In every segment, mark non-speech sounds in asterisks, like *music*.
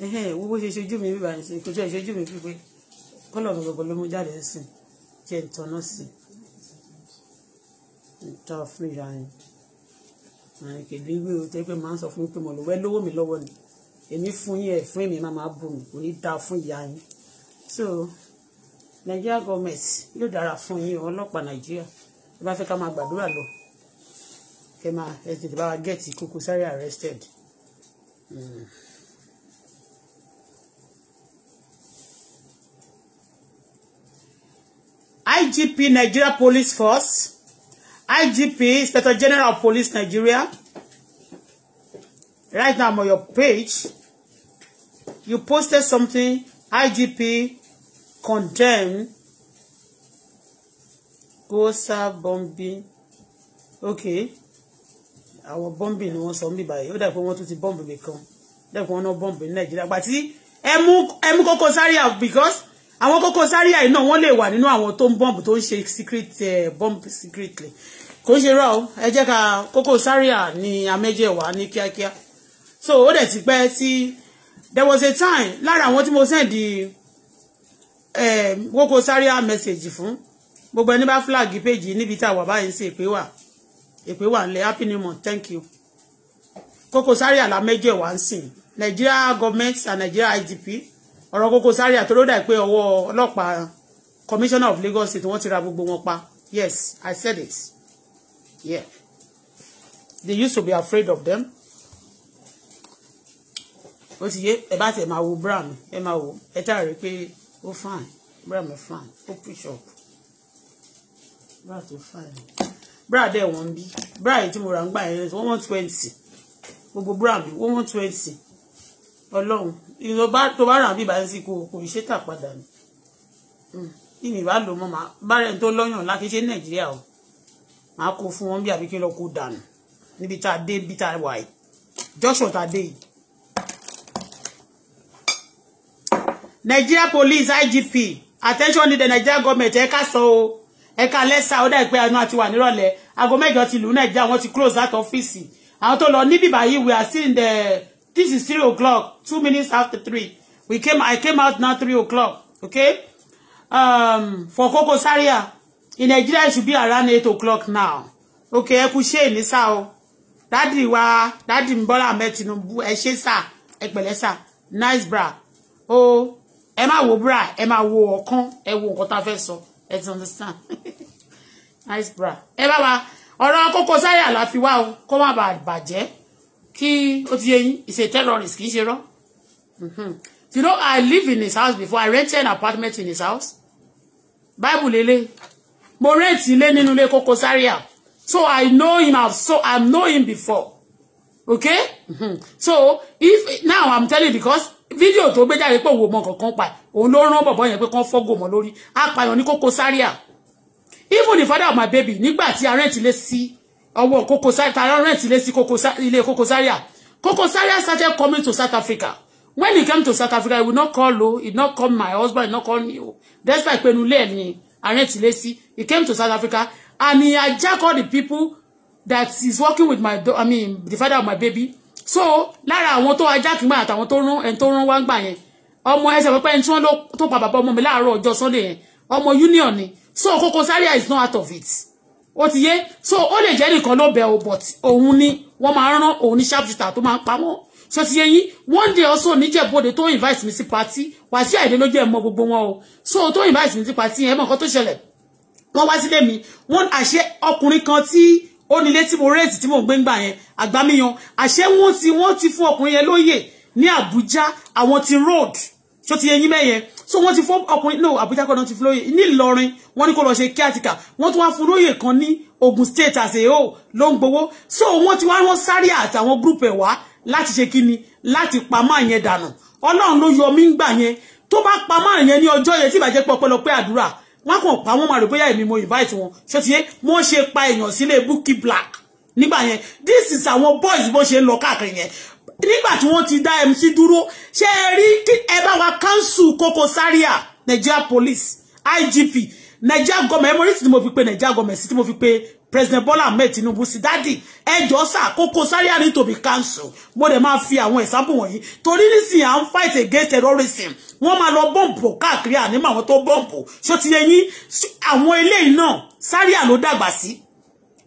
wo bó ṣe ṣojú mi bíbá ẹ̀sìn kò jẹ́ ìṣojú mi pípé kọ́lọ̀ mi gbogbo ló mú jáde ẹ̀sìn jẹ́ ìtọ́nà sí ìta fún ìyá yẹn àìkèlè ìwé o tẹ́ pé máa ń sọ fún mi pé mo lò wẹ́ lówó mi lọ́wọ́ ni èmi fún yín ẹ̀ fún èmi máa máa bù mí kò ní da fún ìyá yín so Nigeria government yóò dára fún yín ọlọ́pàá Nàìjíríà ẹ bá fẹ́ ká máa gbàdúrà lọ kẹ máa ẹ tètè bá wa get Koko Zaria arrested. Mm. IGP Nigeria Police Force, IGP Inspector General of Police Nigeria. Right now I'm on your page. You posted something, IGP condemned Gosa bombing. Okay. our bombing ni wọ́n sọ mí báyìí. Ó dà pé wọ́n tún ti bomb mi kan. Dẹ́kun wọn náà bomb ní Nàìjíríà. Gbàtí ẹ mú ẹ because àwọn Koko Zaria yìí náà wọ́n lè wà nínú àwọn tó ń bọ́ǹbù tó ń ṣe secret eh, bomb secretly kò ń ṣe rọ ẹ jẹ́ ká Koko Zaria ní amẹ́jẹ̀ wá ní kíákíá so ó dẹ̀ ti pẹ́ tí there was a time lára àwọn tí mo send the Koko Zaria message fún gbogbo ẹni bá flag page níbi tá a wà báyìí ń ṣe èpè wà èpè wà ńlẹ̀ happy new month thank you Koko Zaria la mẹ́jẹ̀ wá ń sìn Nigeria government and Nigeria IDP ọ̀rọ̀ Koko Zaria tó ló dà pé ọwọ́ ọlọ́pàá commissioner of Lagos State wọ́n ti ra gbogbo wọn pa yes I said it yeah they used to be afraid of them ó ti yé ẹ bá tẹ máa wo bra mi ẹ máa wo ẹ tá a rí pé ó fine bra mi fine ó push up bra tó fine bra dẹ̀ wọ́n bí bra yìí tí mo rà ń gbà yẹn one twenty gbogbo bra one twenty ọlọ́run tó bá rà bí ìbá ń sí kò kò ṣe tà padà ni hmm. kí ni ìbá lò mọ́ máa bá rẹ̀ tó lọ́yàn lákíṣe nàìjíríà o máa kó fún wọn bí àbí kí lọ kó dànù níbi tá a dé bí tá a wà yìí joshua tá a dé yìí. nigeria police igp attention ni the nigeria government ẹ̀ka sọ o ẹ̀ka lẹ́sà ó dà pé àánú àti wà nírọ̀lẹ́ aago mẹ́jọ ti lù ú nàìjíríà wọ́n ti close that office àwọn tó lọ níbí báyìí we are still in the This is three o'clock, two minutes after three, We came, I came out now three o'clock, okay? Um, for Koko Zaria, in Nigeria, it should be around eight o'clock now. Okay, ẹ kú ṣé ní sá o. Daddy wa, Daddy Bola met in ẹ ṣé sá, ẹ pẹ̀lẹ́ nice bra. Oh, Emma, má wo bra, Emma, má wo ọ̀kan, ẹ wo nǹkan tá fẹ́ sọ, ẹ ti understand. *laughs* nice bra. Ẹ bá wa, ọ̀rọ̀ Koko Zaria la fi wá o, kí ó ti yé is a terrorist kì í ṣe rọ mhm. you know I live in his house before I rented an apartment in his house bible lele mo rent ilé nínú ilé Koko Zaria so I know him I've so I know him before okay mhm. so if now I'm telling because video to gbé jáde pé òun ò mọ kankan pa òun ló rán bọ̀bọ̀ yẹn pé kán fọ́gò mọ́ lórí apààyàn ní Koko Zaria even the father of my baby nígbà tí arẹ́ntì lé see ọwọ́ Koko Zaria tara rent ilé sí ilé Koko Zaria Koko Zaria started coming to South Africa when he came to South Africa he would not call Oh, he not call my husband he not call me Oh, that's o despite pé nulẹ̀ ni rent ilé sí he came to South Africa and he hijack all the people that is working with my I mean the father of my baby so lára àwọn tó hijack mi àtàwọn tó rán ẹni tó rán wá ń gbà yẹn ọmọ ẹsẹ̀ pẹ́pẹ́ ẹni tí wọ́n tó pa bàbá ọmọ mi láàárọ̀ ọjọ́ Sunday yẹn ọmọ union ni so Koko Zaria is not out of it ó ti yé so ó lè jẹ́ nìkan ló bẹ̀ ọ́ but òun ni wọ́n máa rán òun ní sharpshooter tó máa ń pa wọ́n ṣé ti yé yín one day also níjẹ̀bọ́dẹ to invite mi sí party Wàsíù Àyìndé ló jẹ́ mọ́ gbogbo wọn o so tó invite mi sí party yẹn mọ̀ to tó ṣẹlẹ̀ wọ́n wá sílé mi wọ́n àṣẹ ọkùnrin kan tí ó nílé tí mo rẹ́ẹ̀tì tí mo gbé ń gbà yẹn àgbámíyan àṣẹ wọ́n ti wọ́n ti fún ọkùnrin yẹn lóyè ní Àbújá àwọn ti road tó ti eyín mẹ́yẹn so wọ́n ti fọ́ ọkùnrin no Abuja kọ́ náà ti fúlóyè ní Ìlọrin wọ́n ní kó lọ ṣe kíátíkà wọ́n tún wá fún lóyè kan ní Ogun State àṣẹ o ló ń gbowó so wọ́n ti wá wọ́n sáré àtàwọn gúrùpù ẹ̀ wá láti ṣe kíni láti pamọ́ àyẹn dànù Ọlọ́run ló yọ mí ń gbà yẹn tó bá pamọ́ àyẹn ní ọjọ́ yẹn tí ìbàjẹ́ pọpọlọpẹ́ àdúrà wọ́n kàn pa wọ́n máa rò bóyá èmi mo invite wọn So ti yé wọ́n ṣe pa èèyàn sílé Bukky Black nígbà yẹn this is àwọn boys bó ṣe ń lọ káàkiri nígbà tí wọ́n ti dá MC dúró ṣé ẹ rí kí ẹ bá wa council Koko Zaria Nigeria police IGP Nigeria government emory tí mo fi pe Nigeria government sí tí mo fi pe President Bola Ahmed Tinubu sí dádì ẹjọ́ sà Koko Zaria ní to be council mo dẹ̀ máa fi àwọn example wọ̀nyí torí nísìnyí à ń fight against terrorism wọ́n máa lọ bọ́ǹpù káàkiri ànímọ̀ àwọn tó bọ́ǹpù ṣó ti yẹ yín àwọn eléyìí náà Zaria ló dàgbà sí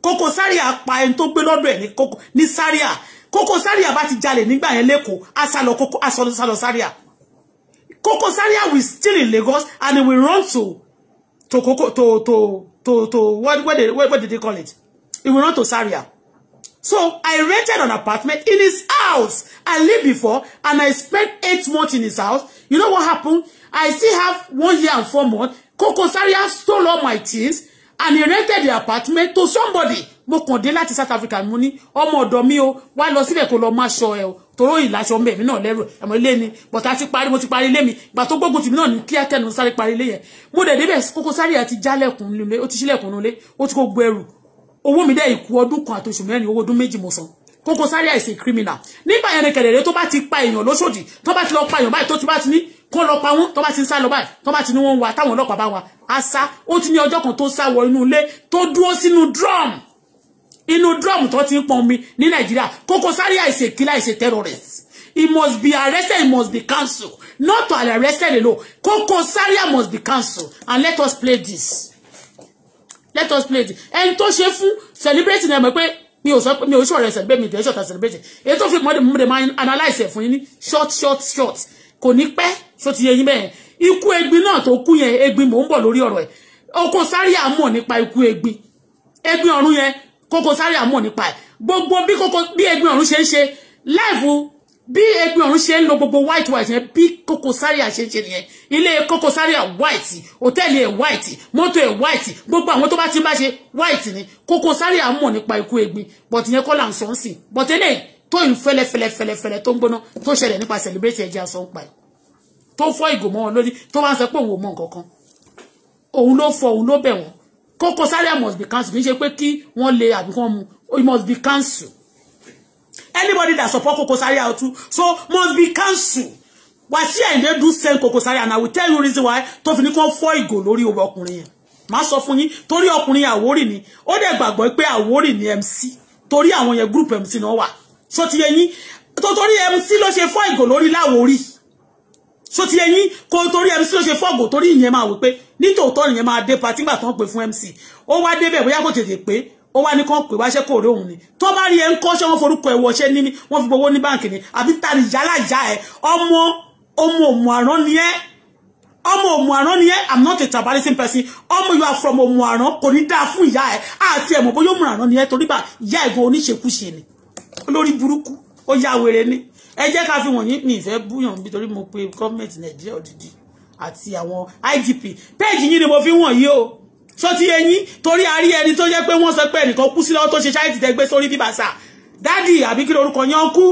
Koko Zaria pa ẹni tó gbé lọ́dọ̀ ẹ̀ ní Zaria Koko Zaria bá ti jalè nígbà yẹn lẹ́kọ̀ọ́ asálọ Koko asálọ sálọ Zaria Koko Zaria will still in Lagos and he will run to to Koko to to to to what what, did what, what did they call it he will run to Saria. so I rented an apartment in his house I lived before and I spent eight months in his house you know what happened I still have one year and four months Koko Zaria stole all my things and he rented the apartment to somebody mo kàn dé láti South Africa mo ní ọmọ ọ̀dọ̀ mi o wa lọ sílẹ̀ kó lọ má ṣọ ẹ o tòró ìlàṣọ ń bẹ̀ mí náà lẹ́rù ẹ̀mọ́ ilé ni bọ̀tà ti parí mo ti parí ilé mi ìgbà tó gbógun tì mí náà ní kíákẹ́ ni mo sáré parí ilé yẹn mo dẹ̀ débẹ̀ Koko Zaria ti jálẹ̀kùn nílé ó ti sílẹ̀kùn nílé o ti kó gbọ ẹrù owó mi dẹ̀ ìkú ọdún kan àtòṣù mẹ́rin owó ọdún méjì mo san Koko Zaria is a criminal nígbà yẹn ni kẹ̀lẹ̀rẹ́ tó bá ti pa èèyàn lóṣòdì tó bá ti lọ pa èèyàn báyìí tó ti bá ti ní kọ́ lọ pa wọ́n tó bá ti ń sá lọ báyìí tó ti ní wọ́n ń wa táwọn ọlọ́pàá bá wa á sá ti ní ọjọ́ kan tó sá wọ inú ilé tó dúró sínú drum inú drum tó ti ń pọn mi ní nàìjíríà Koko Zaria is a killer is a terrorist he must be arrested he must be cancelled not to arrested alone Koko Zaria must be cancelled and let us play this let us play this ẹni to ṣe fún celebrate náà mọ̀ pé mi ò sọ pé mi ò ṣọ̀rọ̀ ẹsẹ̀ gbé mi tẹ̀ ṣọ̀tà celebrate èyí tó fi mọ́dé mọ́dé máa analyse ẹ̀ fún yín ní short short short kò ní pẹ́ ṣó ti yẹ yín bẹ́ẹ̀ ikú egbin náà tó kú yẹn egbin mò ń bọ̀ lórí ọ̀rọ̀ ẹ̀ Koko Zaria mọ̀ nípa ikú egbin egbin ọ̀run yẹn Koko Zaria mọ̀ nípa ẹ̀ gbogbo bí koko bí Ẹ̀gbin Ọ̀run ṣe ń ṣe láìfù bí Ẹ̀gbin Ọ̀run ṣe ń lo gbogbo white white yẹn bí Koko Zaria ṣe ń ṣe nìyẹn ilé Koko Zaria white hòtẹ́ẹ̀lì ẹ̀ white mọ́tò ẹ̀ white gbogbo àwọn tó bá ti bá ṣe white ni Koko Zaria mọ̀ nípa ikú Ẹ̀gbin but yẹn kọ́ là ń sọ ń sìn but eléyìí tó ń fẹ́lẹ́fẹ́lẹ́fẹ́lẹ́ tó ń gbóná tó ṣẹlẹ̀ nípa celebrate ẹja sọ ń pa ẹ̀ tó fọ́ ìgò mọ́ wọn lórí tó wá ń sọ pé òun ò mọ nǹkan kan òun ló fọ òun ló bẹ̀ wọ́n Koko Zaria must be cancelled kì í ṣe pé kí wọ́n lè mu it must be cancelled anybody that support Koko Zaria out so must be cancelled Wasiu Ayinde do send Koko Zaria and I will tell you reason why tó fi ní kó fọ́ ìgò lórí ọ̀rọ̀ ọkùnrin yẹn màá sọ fún yín torí ni ó dẹ̀ gbàgbọ́ pé Àwórì ni MC torí àwọn yẹn group MC náà wà so ti yé yín tó MC ló ṣe fọ́ ìgò lórí láwórì so ti yé yín kó MC ló ṣe fọ́ ìgò torí ìyẹn máa wí pé nítòótọ́ nìyẹn máa dé patí gbà tó ń pè fún MC ó wá débẹ̀ bóyá kò tètè pé ó wá ní kán pè wáṣẹ́ kò rí òun ni tó bá rí ẹ ń kọ́ṣẹ́ wọn forúkọ ẹ̀ wọṣẹ́ ní wọn fi gbowó ní báǹkì ni àbí ta ni yálà ìyá ẹ ọmọ ọmọ òmù àrán ni ẹ ọmọ òmù àrán ni ẹ i'm not a tribalism person ọmọ you are from òmù àrán kò ní dáa fún ìyá ẹ àti ẹ̀mọ̀ bóyá òmù àrán ni ẹ torí bá ìyá ẹ̀ gan oníṣekúṣe ni olórí burúkú ó yá wèrè ni ẹ jẹ́ ká fi wọ̀nyí mi ìfẹ́ búyàn nítorí mo pe gọ́ọ̀mẹ̀ntì nàìjíríà òdìdí àti àwọn IGP péèjì yìí ni mo fi wọ̀nyí o ṣó ti yé yín torí a rí ẹni tó jẹ́ pé wọ́n sọ pé ẹnìkan kú sí lọ́wọ́ tó ṣe ṣáìtì tẹ́ gbé sórí bíbà sà dáàdì àbí kí lorúkọ yẹn ọkú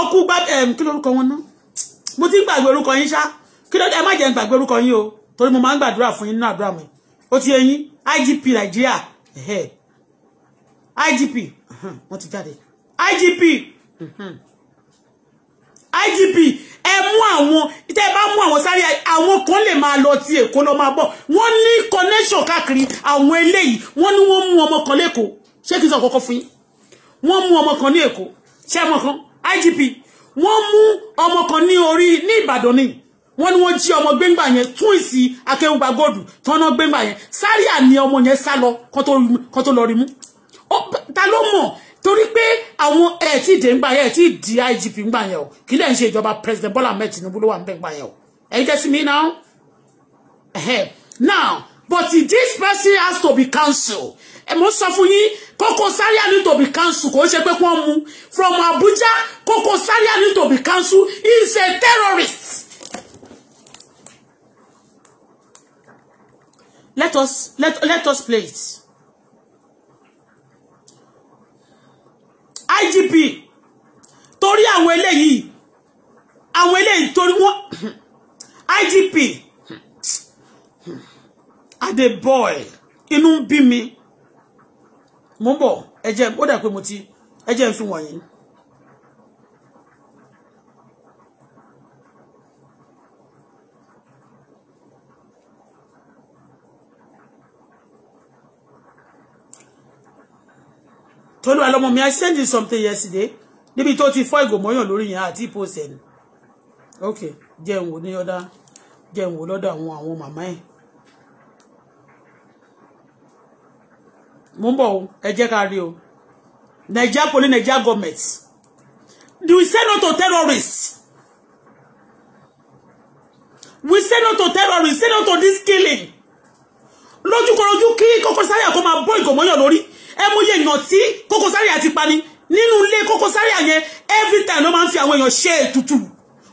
ọkú gbá kí lorúkọ wọn náà mo ti ń gbàgbé orúkọ yín ṣá kí ló dé má jẹ́ ń gbàgbé orúkọ yín o torí mo máa ń gbàdúrà fún yín nínú àdúrà mi ó ti yé IGP Nàìjíríà IGP wọ́n ti jáde IGP IGP ẹ mú àwọn tẹ́ ẹ bá mú àwọn sáré àwọn kan lè máa lọ ti Èkó lọ máa bọ̀ wọ́n ní connection káàkiri àwọn eléyìí wọ́n ní wọ́n mú ọmọ kan lẹ́kọ̀ọ́ ṣé kí n sọ kọ́kọ́ fún yín wọ́n mú ọmọ kan ní Èkó ṣé ọmọ kan IGP wọ́n mú ọmọ kan ní orí ní Ìbàdàn ni wọ́n ní wọ́n jí ọmọ gbẹ́ngbà yẹn tún ìsì akẹ́wùgbà góòdù tọ́nà gbẹ́ngbà yẹn sáré àní ọmọ yẹn sá lọ kó tó lọ mú ta ló mọ̀ torí pé àwọn ẹ̀ tí dé ńgbà yẹn ẹ̀ tí di IGP ńgbà yẹn o kí lẹ́yìn ṣe ìjọba President Bola Ahmed Tinubu ló wà ńbẹ̀ ńgbà yẹn o ẹ̀yin get me now now but this person has to be counsel ẹ mọ sọ fún yín Koko Zaria need to be counsel kò ṣe pé kí wọ́n mú from Abuja Koko Zaria need to be counsel he is a terrorist. Let us let let us play it. IGP torí àwọn eléyìí àwọn eléyìí torí wọn IGP Adeboy inú ń bí mi mo ń bọ̀ ẹ jẹ́ ó dà pé mo ti ẹ jẹ́ ń fi wọ̀nyí. tolúwa lọ́mọ mi i send you something yesterday níbi tó ti fọ́ ìgò mọ́yàn lórí yẹn àti post ẹ̀ ni ok jẹun wò ní ọ̀dà jẹun wò lọ́dọ̀ àwọn àwọn màmá ẹ̀ mo ń bọ̀ o ẹ jẹ́ o Naija police Naija government we say no to terrorists we say no to terrorists say no to this killing lójúkọ̀ọ́jú kí Koko Zaria kó máa bọ́ ìgò mọ́yàn lórí ẹ èèyàn tí Koko Zaria ti pa nínú ilé Koko Zaria yẹn every time ló máa ń fi àwọn èèyàn ṣe ètùtù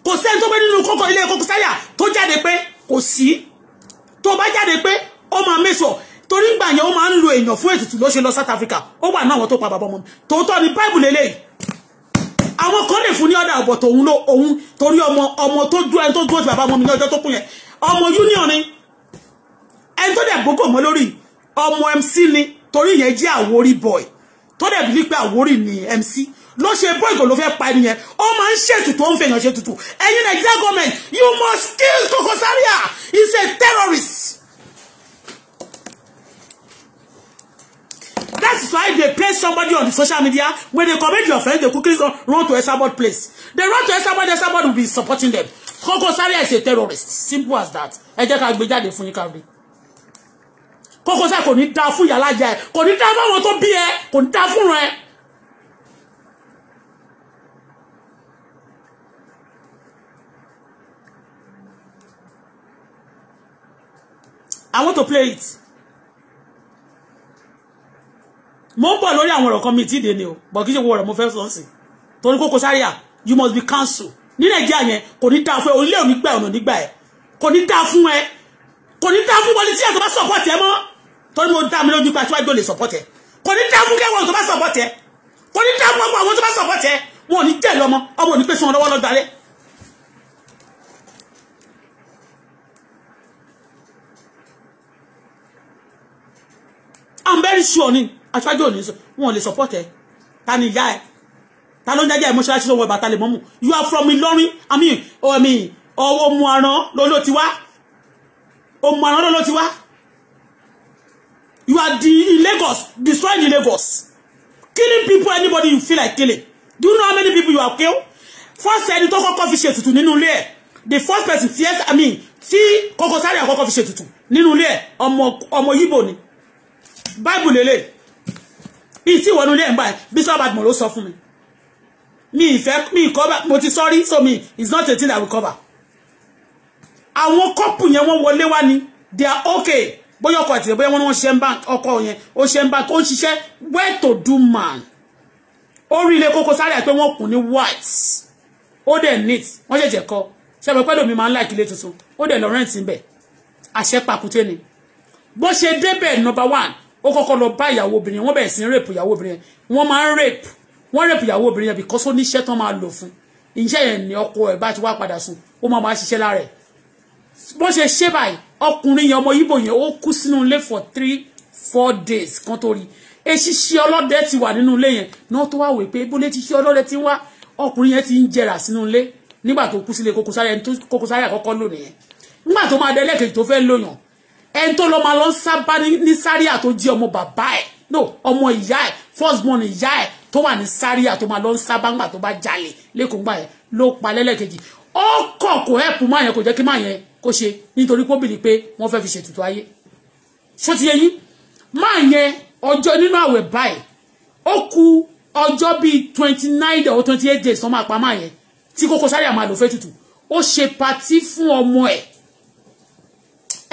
kò sẹ́ni tó pé nínú kókó ilé Koko Zaria tó jáde pé kò sí tó bá jáde pé ó máa mẹ́sọ̀ torí gbà yẹn ó máa ń lo èèyàn fún ètùtù ló ṣe lọ South Africa ó wà náà wọn tó pa bàbá ọmọ mi tòótọ́ ni báìbù lélẹ̀ àwọn kan lè fún ní ọ̀dà ọ̀bọ̀ tòun ló òun torí ọmọ ọmọ tó dúró ẹni tó dúró ti bàbá ọmọ mi ní ọjọ́ tó kù yẹn ọmọ union ni ẹni tó dẹ̀ gbókò mọ́ lórí ọmọ MC ni torí yẹn jẹ́ àwórí boy tó dẹ̀ bíi pé àwórí ni MC ló ṣe bó ìgò ló fẹ́ pa ẹni yẹn ó máa ń ṣètùtù ó ń fẹ̀yàn ṣètùtù ẹ̀yin Nigeria government you must kill Koko Zaria he's a terrorist. That's why they place somebody on the social media. When they commit your friend, they quickly run to Esabod place. They run to Esabod, Esabod will be supporting them. Koko Saria is a terrorist. Simple as that. Ẹ jẹ́ ká gbé jáde fún yín ká rí kókó sá kò ní dá fún ìyá alájà ẹ kò ní dá fáwọn tó bí ẹ kò ní dá fúnra ẹ. I want to play it. Mo ń bọ̀ lórí àwọn ọ̀rọ̀ kan mi tí ìdènì o, bọ̀ kí ṣe wo ọ̀rọ̀ mo fẹ́ sọ sí. Torí Koko Zaria, you must be cancelled. Ní Nàìjíríà yẹn, kò ní dáa fún ẹ, orílẹ̀ ò ní gbà ọ̀nà nígbà ẹ. Kò ní dáa fún ẹ. Kò ní dáa fún wọlé tí ẹ̀tọ́ bá sọ̀pọ̀ tẹ́ mọ́ torí mo dá mi lójú pé aṣíwájú lè support ẹ kò ní dá fún kẹwọn tó bá support ẹ kò ní dá fún ọmọ àwọn tó bá support ẹ wọn ò ní jẹ́ lọ́mọ ọmọ ò ní pèsè wọn lọ́wọ́ lọ́dọ̀ alẹ́ I'm very sure ni aṣáájú ò ní sọ wọn ò lè support ẹ ta ni ìyá ẹ ta ló ń jẹjẹ ìmúṣẹ́láṣí lọ́wọ́ ìbàtà lè mọ́mù you are from Ìlọrin I mean ọmọ ọmọ àrán lọ́lọ́ ti wá ọmọ àrán lọ́lọ́ ti wá You are the, in Lagos, destroying the Lagos. Killing people, anybody you feel like killing. Do you know how many people you have killed? First ẹni tó kọ́kọ́ fi ṣe ètùtù nínú ilé ẹ̀. The first person Yes, I mean see. Koko Zaria kọ́kọ́ fi ṣe ètùtù nínú ilé ẹ̀ ọmọ ọmọ Yíbò ni. Báìbù lélẹ̀. Bíi tí ìwọ́nú ilé ẹ̀ ń báyìí, Bísọ́ Badmọ̀ ló sọ fún mi. Mi ìfẹ́ mi ìkọ́bà mo ti so me it's not a thing I will cover. Àwọn kọ́pù yẹn wọ́n wọlé wá ni they are okay bóyá ọkọ àtìyẹ bóyá wọn ní wọn ṣe ń bá ọkọ yẹn ó ṣe ń bá ó ń ṣiṣẹ́ well to do man ó rí ilé Koko Zaria pé wọ́n kùn ní white ó dẹ̀ neat wọ́n ṣẹ̀ṣẹ̀ kọ ṣẹ̀bẹ̀ pẹ́ lómi máa ń láìkí ilé tuntun ó dẹ̀ Lawrence níbẹ̀ àṣẹ pàkúté ni bó ṣe débẹ̀ number one ó kọ́kọ́ lọ bá ìyàwó obìnrin wọ́n bẹ̀rẹ̀ sí ń rape ìyàwó obìnrin yẹn wọ́n máa ń rape wọ́n rape ìyàwó obìnrin yẹn because ó níṣẹ́ tán máa lò fún iṣẹ́ yẹn ni ọkọ ẹ̀ bá ti wá padà sùn ó máa máa ṣiṣẹ́ lára ẹ̀ bó ṣe ṣe báyìí ọkùnrin yẹn ọmọ yíbò yẹn ó kú sínú ilé for three four days kan tó rí eṣiṣẹ́ ọlọ́dẹ ti wà nínú ilé yẹn náà tó wá wò pé bólé ti ṣe ọlọ́dẹ ti wá ọkùnrin yẹn ti ń jẹrà sínú ilé nígbà tó kú sílé kókósáyà ẹni tó kókósáyà kọ́kọ́ lò nìyẹn nígbà tó máa dẹ́lẹ́kẹ̀ẹ́ tó fẹ́ lóyàn ẹni tó lọ máa lọ ń sábà ní sáríà tó jí ọmọ bàbá ẹ̀ no ọmọ ìyá ẹ̀ first born ìyá ẹ̀ tó wà ní sáríà tó máa lọ ń sábà ńgbà tó bá jalè lẹ́kọ̀ọ́ ńgbà yẹn ló pa lẹ́lẹ́kẹ̀ẹ́jì ó kọ̀ kò ẹ̀pù máa yẹn kò jẹ́ kí máa yẹn kó ṣe nítorí pé ó bìlì pé wọ́n fẹ́ fi ṣètùtù ayé ṣó ti yẹ yín máa yẹn ọjọ́ nínú àwẹ̀ báyìí ó ku ọjọ́ bíi twenty nine or twenty eight days tó máa pa máa yẹn tí Koko Zaria máa lò fẹ́ tutù ó ṣe patí fún ọmọ ẹ̀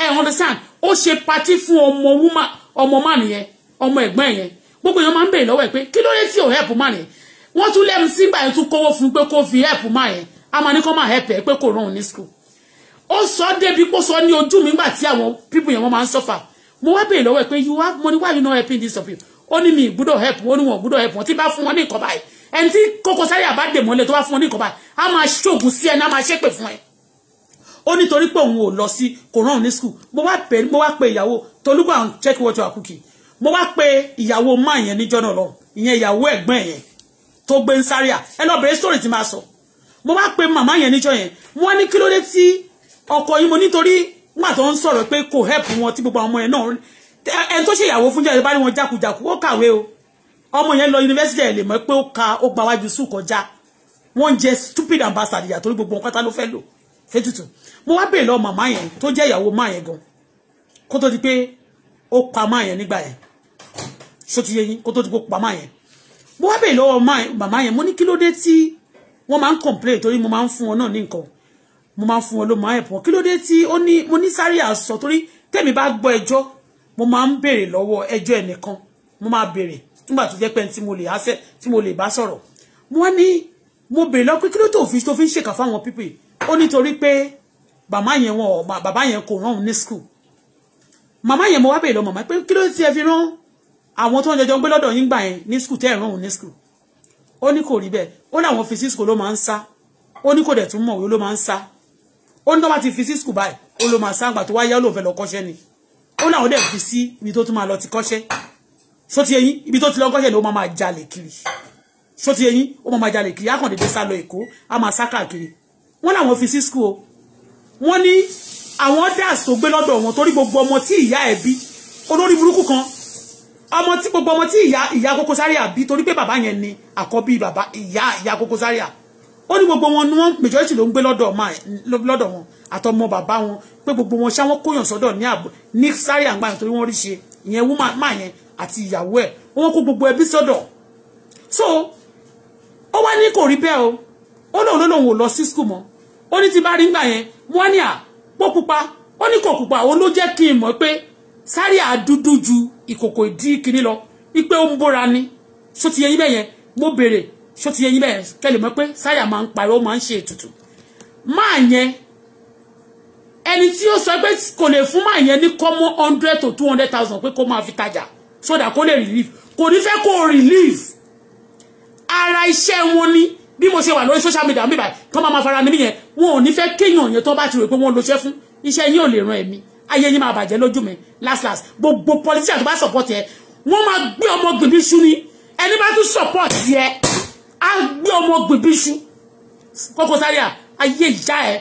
ẹ̀ understand ó ṣe patí fún ọmọ woman ọmọ man yẹn ọmọ ẹ̀gbọ́n yẹn gbogbo èèyàn máa ń béèrè lọ́wọ́ ẹ̀ pé kí ló dé tí ò help man yẹn wọ́n tún lẹ́mu sígbà yẹn tún kówó fún pé kó fi help man yẹn a máa ní kó máa help ẹ̀ pé kò rán òun ní school ó sọ débi kó sọ ní ojú mi nígbà tí àwọn people yẹn wọ́n máa ń suffer mo wá béèrè lọ́wọ́ ẹ̀ pé you have money why you no helping this of you ó ní mi gbúdọ̀ help ó ní wọn gbúdọ̀ help wọn tí bá fún wọn ní nǹkan báyìí ẹni tí Koko Zaria bá dè mọ́lẹ̀ tó bá fún wọn ní nǹkan báyìí á máa ṣoògùn sí ẹni á máa ṣépè fún ẹ ó nítorí pé òun ò lọ sí kò ní school mo wá pè mo wá pè ìyàwó tolúgbà ń check what you are cooking mo wá pè ìyàwó máa yẹn níjọ́ náà lọ ìyẹn ìyàwó ẹ̀gbọ́n yẹn tó gbé ń sáré à ẹ lọ bẹ̀rẹ̀ story ti máa sọ mo wá pè màmá yẹn níjọ́ yẹn mo wá ní kí ló dé tí ọkọ yìí mo nítorí nígbà tó ń sọ̀rọ̀ pé kò help wọn tí gbogbo àwọn ọmọ yẹn náà ẹni tó ṣèyàwó fún jẹ́ ìbá ní wọn jákujàku ó kàwé o ọmọ yẹn lọ yunifásitì ẹ̀ lè mọ̀ pé ó ka ó gba wájú sùn kọjá wọ́n ń jẹ stupid ambassador ìyà torí gbogbo wọn pátá ló fẹ́ lò fẹ́tùtù mo wá bèèrè lọ màmá yẹn tó jẹ́ ìyàwó má yẹn gan kó tó di pé ó pa má yẹn nígbà yẹn ṣó ti yẹ yín kó tó di pé ó pa má yẹn mo wá bèèrè lọ́wọ́ màmá yẹn mo ní kí ló dé tí wọ́n máa ń complain torí mo máa ń fún wọn náà ní nǹkan mo máa fún wọn ló máa ẹ̀pọ̀ kí ló dé tí ó ní mo ní sáré àsọ torí tèmi bá gbọ́ ẹjọ́ mo máa ń béèrè lọ́wọ́ ẹjọ́ ẹnìkan mo máa béèrè nígbà tó jẹ́ pé tí mo lè àṣẹ tí mo lè bá sọ̀rọ̀ wọ́n ní mo béèrè lọ pé kí ló tó fi tó fi ń ṣèkà fáwọn pípì ó nítorí pé bàmá yẹn wọn bàbá yẹn kò rán òun ní skul màmá yẹn mo wá béèrè lọ màmá pé kí ló ti ẹ fi rán àwọn tó ń jẹjọ gbé lọ́dọ̀ yín gbà yẹn ní skul tẹ́ ẹ̀ rán òun ní skul ó ní kò rí bẹ́ẹ̀ ó láwọn fi sí skul ló máa ń sá ó ní kò dẹ̀ tún mọ̀ òun ló máa ń sá ó ní tó bá ti fi sí skul báyìí ó ló máa sáǹgbà tó wáyé ó lòun fẹ́ lọ kọ́ṣẹ́ ni ó láwọn dẹ̀ fi sí ibi tó tún máa lọ ti kọ́ṣẹ́ ṣó ti eyín ibi tó ti lọ kọ́ṣẹ́ ni ó máa máa jalè kiri ṣó ti eyín ó máa máa jalè kiri akàn dédé sá lọ Èkó á máa sá káàkiri wọ́n láwọn fi sí skul o wọ́n ní àwọn das tó gbé lọ́dọ̀ wọn torí gbogbo ọmọ tí ìyá ẹ̀ bí olórí burúkú kan ọmọ tí gbogbo ọmọ tí ìyá ìyá Koko bí torí pé bàbá yẹn ni àkọ́bí bàbá ìyá ìyá Koko ó ní gbogbo wọn ni wọ́n majority ló ń gbé lọ́dọ̀ lọ́dọ̀ wọn àtọmọ bàbá wọn pé gbogbo wọn ṣá wọn kóyàn sọ́dọ̀ ní àbò ní sáré àgbà yẹn torí wọ́n rí ṣe ìyẹn wúmà má yẹn àti ìyàwó ẹ̀ wọ́n kó gbogbo ẹbí sọ́dọ̀ so ó wá ní kò rí bẹ́ẹ̀ o ó lóun ló lóun ò lọ sí skul mọ́ ó ní ti bá rí gbà yẹn wọ́n ní à pó pupa ó ní kò pupa òun ló jẹ́ kí n mọ̀ pé sáré àdúdú ju ìkòkò ìdí kinní lọ wípé ó ń bóra ni so ti yẹ yí bẹ́ẹ̀ yẹn mo béèrè ṣó ti yẹ yín bẹ́ẹ̀ kẹ́lẹ̀ mọ́ pé sáyà máa ń pariwo máa ń ṣe ètùtù máa yẹn ẹni tí ó sọ pé kò lè fún máa yẹn ní kọ́mọ́ hundred to two hundred thousand pé kó máa fi tajà sódà kó lè relief kò ní fẹ́ kó relief ara iṣẹ́ wọn ni bí mo ṣe wà lórí social media mi báyìí kán máa ma fara ní mi yẹn wọn ò ní fẹ́ kéèyàn yẹn tó bá ti rò pé wọ́n lo iṣẹ́ fún iṣẹ́ yín ò lè ran ẹ̀mí ayé yín máa bàjẹ́ lójú mi last last gbogbo politician tó bá support ẹ wọ́n máa gbé ọmọ gbèbí sú ni ẹni bá tún support yẹ á gbé ọmọ gbèbíṣu Koko Zaria ayé ìyá ẹ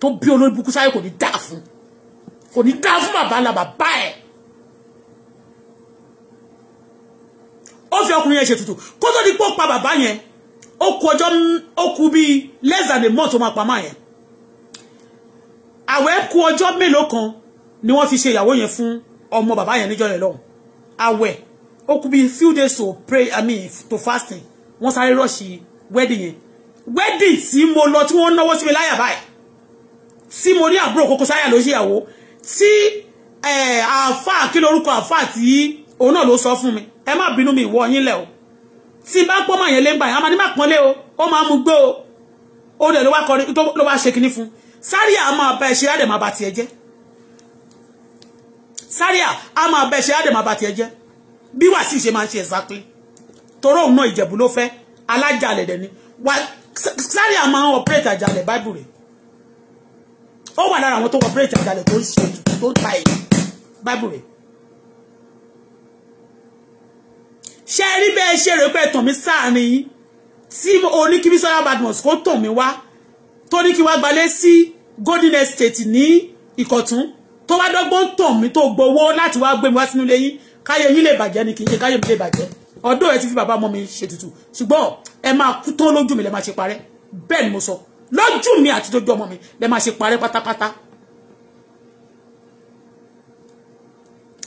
tó bí olórí burúkú sáyé kò ní dá fún kò ní dá fún bàbá la bàbá ẹ ó fi ọkùnrin yẹn ṣètùtù kó tó di pé ó pa bàbá yẹn ó kù ọjọ́ ó kù bíi less than a month tó máa pa máa yẹn àwẹ̀ kù ọjọ́ mélòó kan ni wọ́n fi ṣe ìyàwó yẹn fún ọmọ bàbá yẹn níjọ́ yẹn lọ́hùn àwẹ̀ ó kù bíi few days to pray i mean to fasting wọ́n sáré rọ́ọ̀ṣì wedding yẹn wedding tí mo lọ tí wọ́n náwó sí mi láyà báyìí tí mo rí àbúrò kókó sáyà ló ṣèyàwó tí àáfàá kí lorúkọ àáfàá tí òun náà ló sọ fún mi ẹ má bínú mi ìwọ yín lẹ̀ o tí bá pọ́ mọ̀ yẹn lé ń báyìí a ní má pọ́nlé o ó máa mú gbé o ó dẹ̀ ló wá kọrin ló wá ṣe kinní fún Zaria a máa bẹ ṣe àdèmà bàtì ẹ jẹ́ Zaria a máa bẹ ṣe àdèmà bàtì ẹ jẹ́ bí wàá sì ṣe máa ń ṣe exactly torí òun náà ìjẹ̀bú ló fẹ́ alájàlẹ̀ dẹ̀ ni wà sáré àmọ́ àwọn ọ̀pẹ́rẹ́tì àjàlẹ̀ báìbù rẹ̀ ó wà lára àwọn tó wọ ọ̀pẹ́rẹ́tì àjàlẹ̀ tó ń ṣe tó ta ẹ̀ báìbù rẹ̀ ṣe rí bẹ́ẹ̀ ṣe rẹ̀ pé tàn mí sáàrin yín tí oníkíbísọ́lá badmus kó tàn mí wá tó ní kí wá gbalé sí golden estate ní ìkọ̀tún tó bá dọ́gbọ́n tàn mí tó gbowó láti wá gbé mi wá sínú ilé yín káyé yín lè bàjẹ́ ni kì í ṣe káyé mi lè bàjẹ́ ọdún ẹ ti fi bàbá ọmọ mi ṣe tutù ṣùgbọ́n ẹ máa kú tán lójú mi lẹ máa ṣe parẹ́ bẹ́ẹ̀ ni mo sọ lójú mi àti lójú ọmọ mi lẹ máa ṣe parẹ́ pátápátá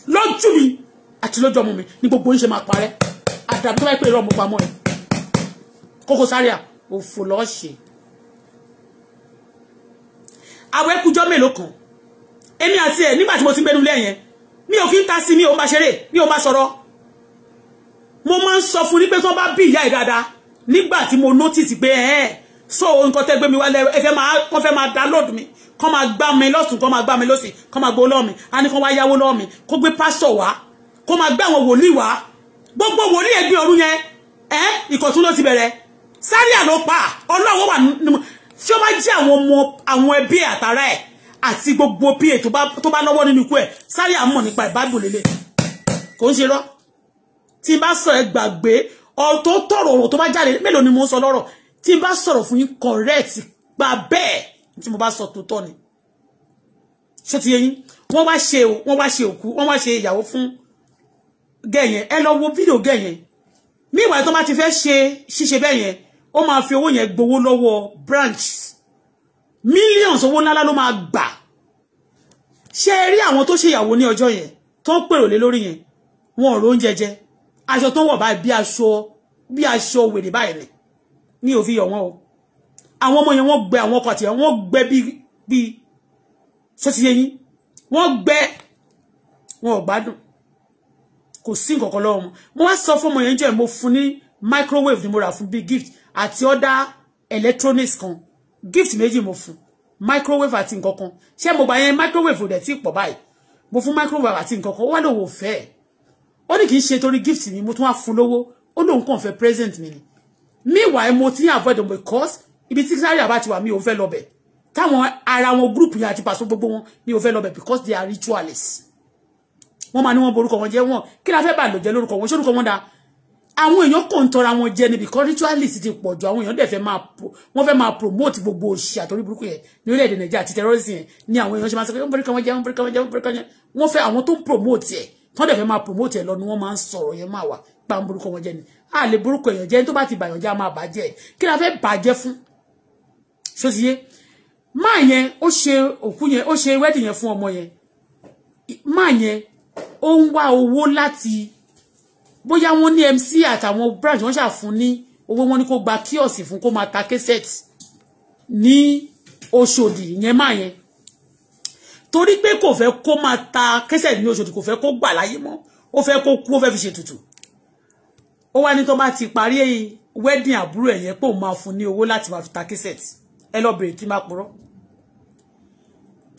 lójú mi àti lójú ọmọ mi ni gbogbo yín ṣe máa parẹ́ àdàbí tó bá pè rọ mo pamọ́ ẹ Koko Zaria òfò lọ́ọ́ ṣe àwọn ẹkùjọ́ mélòó kan èmi àti ẹ̀ nígbà tí mo ti ń bẹnu lẹ́yìn mi ò kí ń ta sí mi ò bá ṣeré mi ò bá sọ̀rọ̀ mo máa ń sọ fún yín pé tí wọ́n bá bí ìyá ẹ̀ dáadáa nígbà tí mo notice pé ẹ̀ so nǹkan tẹ́ gbé mi wálé ẹ fẹ́ máa kọ́ fẹ́ máa download mi kọ́ máa gbá mi lọ́sùn kọ́ máa gbá mi lọ́sìn kọ́ máa gbó lọ́ọ̀ mi á ní kọ́ wá yáwó lọ́ọ̀ mi kó gbé pásítọ̀ wá kó máa gbé àwọn wòlíì wá gbogbo wòlíì ẹgbẹ́ ọ̀run yẹn ẹ ìkọ̀tún ló ti bẹ̀rẹ̀ Zaria ló pa ọlọ́wọ́ wà tí ó bá jẹ́ àwọn ọmọ àwọn ẹbí àtàrà ẹ̀ àti gbogbo pa tó bá lọ́wọ́ nínú ikú ẹ̀ Zaria mọ̀ nípa ìbábò lélẹ̀ kò ń ṣe rọ́ tí n bá sọ ẹ gbàgbé ọ̀rọ̀ tó tọ̀rọ̀ ọ̀rọ̀ tó bá jáde mélòó ni mo ń sọ lọ́rọ̀ tí n bá sọ̀rọ̀ fún yín correct gbà bẹ́ẹ̀ tí mo bá sọ tó tọ́ ni ṣé ti yé yín wọ́n wá ṣe wọ́n wá ṣe òkú wọ́n wá ṣe ìyàwó fún gẹ̀yẹn ẹ wo fídíò gẹ̀yẹn ní ìwà tó bá ti fẹ́ ṣe ṣíṣe bẹ́ẹ̀ yẹn ó fi owó yẹn gbowó lọ́wọ́ branch millions owo ńláńlá ló máa gbà ṣé ẹ rí àwọn tó ṣèyàwó ní ọjọ́ yẹn tó ń pèrò lé lórí yẹn wọn ò aṣọ tó wọ̀ báyìí bí aṣọ bí aṣọ wèrè báyìí ni mi ò fi yọ̀ wọ́n o àwọn ọmọ yẹn wọ́n gbẹ àwọn ọkọ̀ àti ẹ̀ wọ́n gbẹ bí bí sọ́tí yẹn yín wọ́n gbẹ wọn ò gbádùn kò sí nǹkan kan lọ́wọ́ mo wá sọ fún ọmọ yẹn jẹ́ mo fún ní microwave ni mo rà fún bíi gift àti ọ̀dà electronics kan gift méjì mo fún microwave àti nǹkan kan ṣé mo gbà yẹn microwave ò dẹ̀ tí pọ̀ báyìí mo fún microwave àti nǹkan kan ó wá lòwò fẹ́ẹ́ ó ní kì í ṣe torí gift mi mo tún wá fún lówó ó lóun kàn fẹ́ present mi ni meanwhile mo ti ń avoid them because ibi tí sáré àbá ti wà mi ò fẹ́ lọ́bẹ̀ táwọn ara wọn group yẹn àti pàṣẹ gbogbo wọn mi ò fẹ́ lọ́bẹ̀ because they are ritualists wọ́n máa ní wọ́n borúkọ wọn jẹ́ wọ́n kí la fẹ́ bà lò jẹ́ lórúkọ wọn ṣórúkọ wọn dáa àwọn èèyàn kò ń tọra wọn jẹ ni because ritualist ti pọ̀ jù àwọn èèyàn dẹ̀ fẹ́ máa wọ́n fẹ́ máa promote gbogbo òṣì àtòrí burúkú yẹn ní orílẹ̀-èdè nàìjíríà àti terrorism yẹn ni àwọn èèyàn ṣe máa sọ pé wọ́n borí kan wọ́n jẹ́ wọ́n borí kan wọ́n jẹ́ wọ́n borí kan wọ́n fẹ́ àwọn tó ń promote yẹn tọ́n dẹ̀ fẹ́ máa promote ẹ̀ lọ ni wọ́n máa ń sọ̀rọ̀ yẹn máa wà pa ń burúkọ wọn jẹ ni a lè burúkọ èèyàn jẹ́ tó bá ti bàyàn jẹ́ a máa bàjẹ́ kí la fẹ́ bàjẹ́ fún ṣó ti yé máa yẹn ó ṣe òkú yẹn ó ṣe wedding yẹn fún ọmọ yẹn máa yẹn ó ń wá owó láti bóyá wọ́n ní MC àtàwọn branch wọ́n ṣàfún ní owó wọn ni kó gba kíọ̀sì fún kó máa ta kẹsẹ̀tì ní Òṣòdì yẹn máa yẹn torí pé kò fẹ́ kó máa ta kẹsẹ̀ ní Òṣòdì kò fẹ́ kó gbà láyé mọ́ ó fẹ́ kó kú ó fẹ́ fi ṣètùtù ó wá ní tó bá ti parí wedding àbúrò ẹ̀ yẹn pé òun máa fún ní owó láti máa fi ta kẹsẹ̀ ẹ lọ bèrè máa purọ́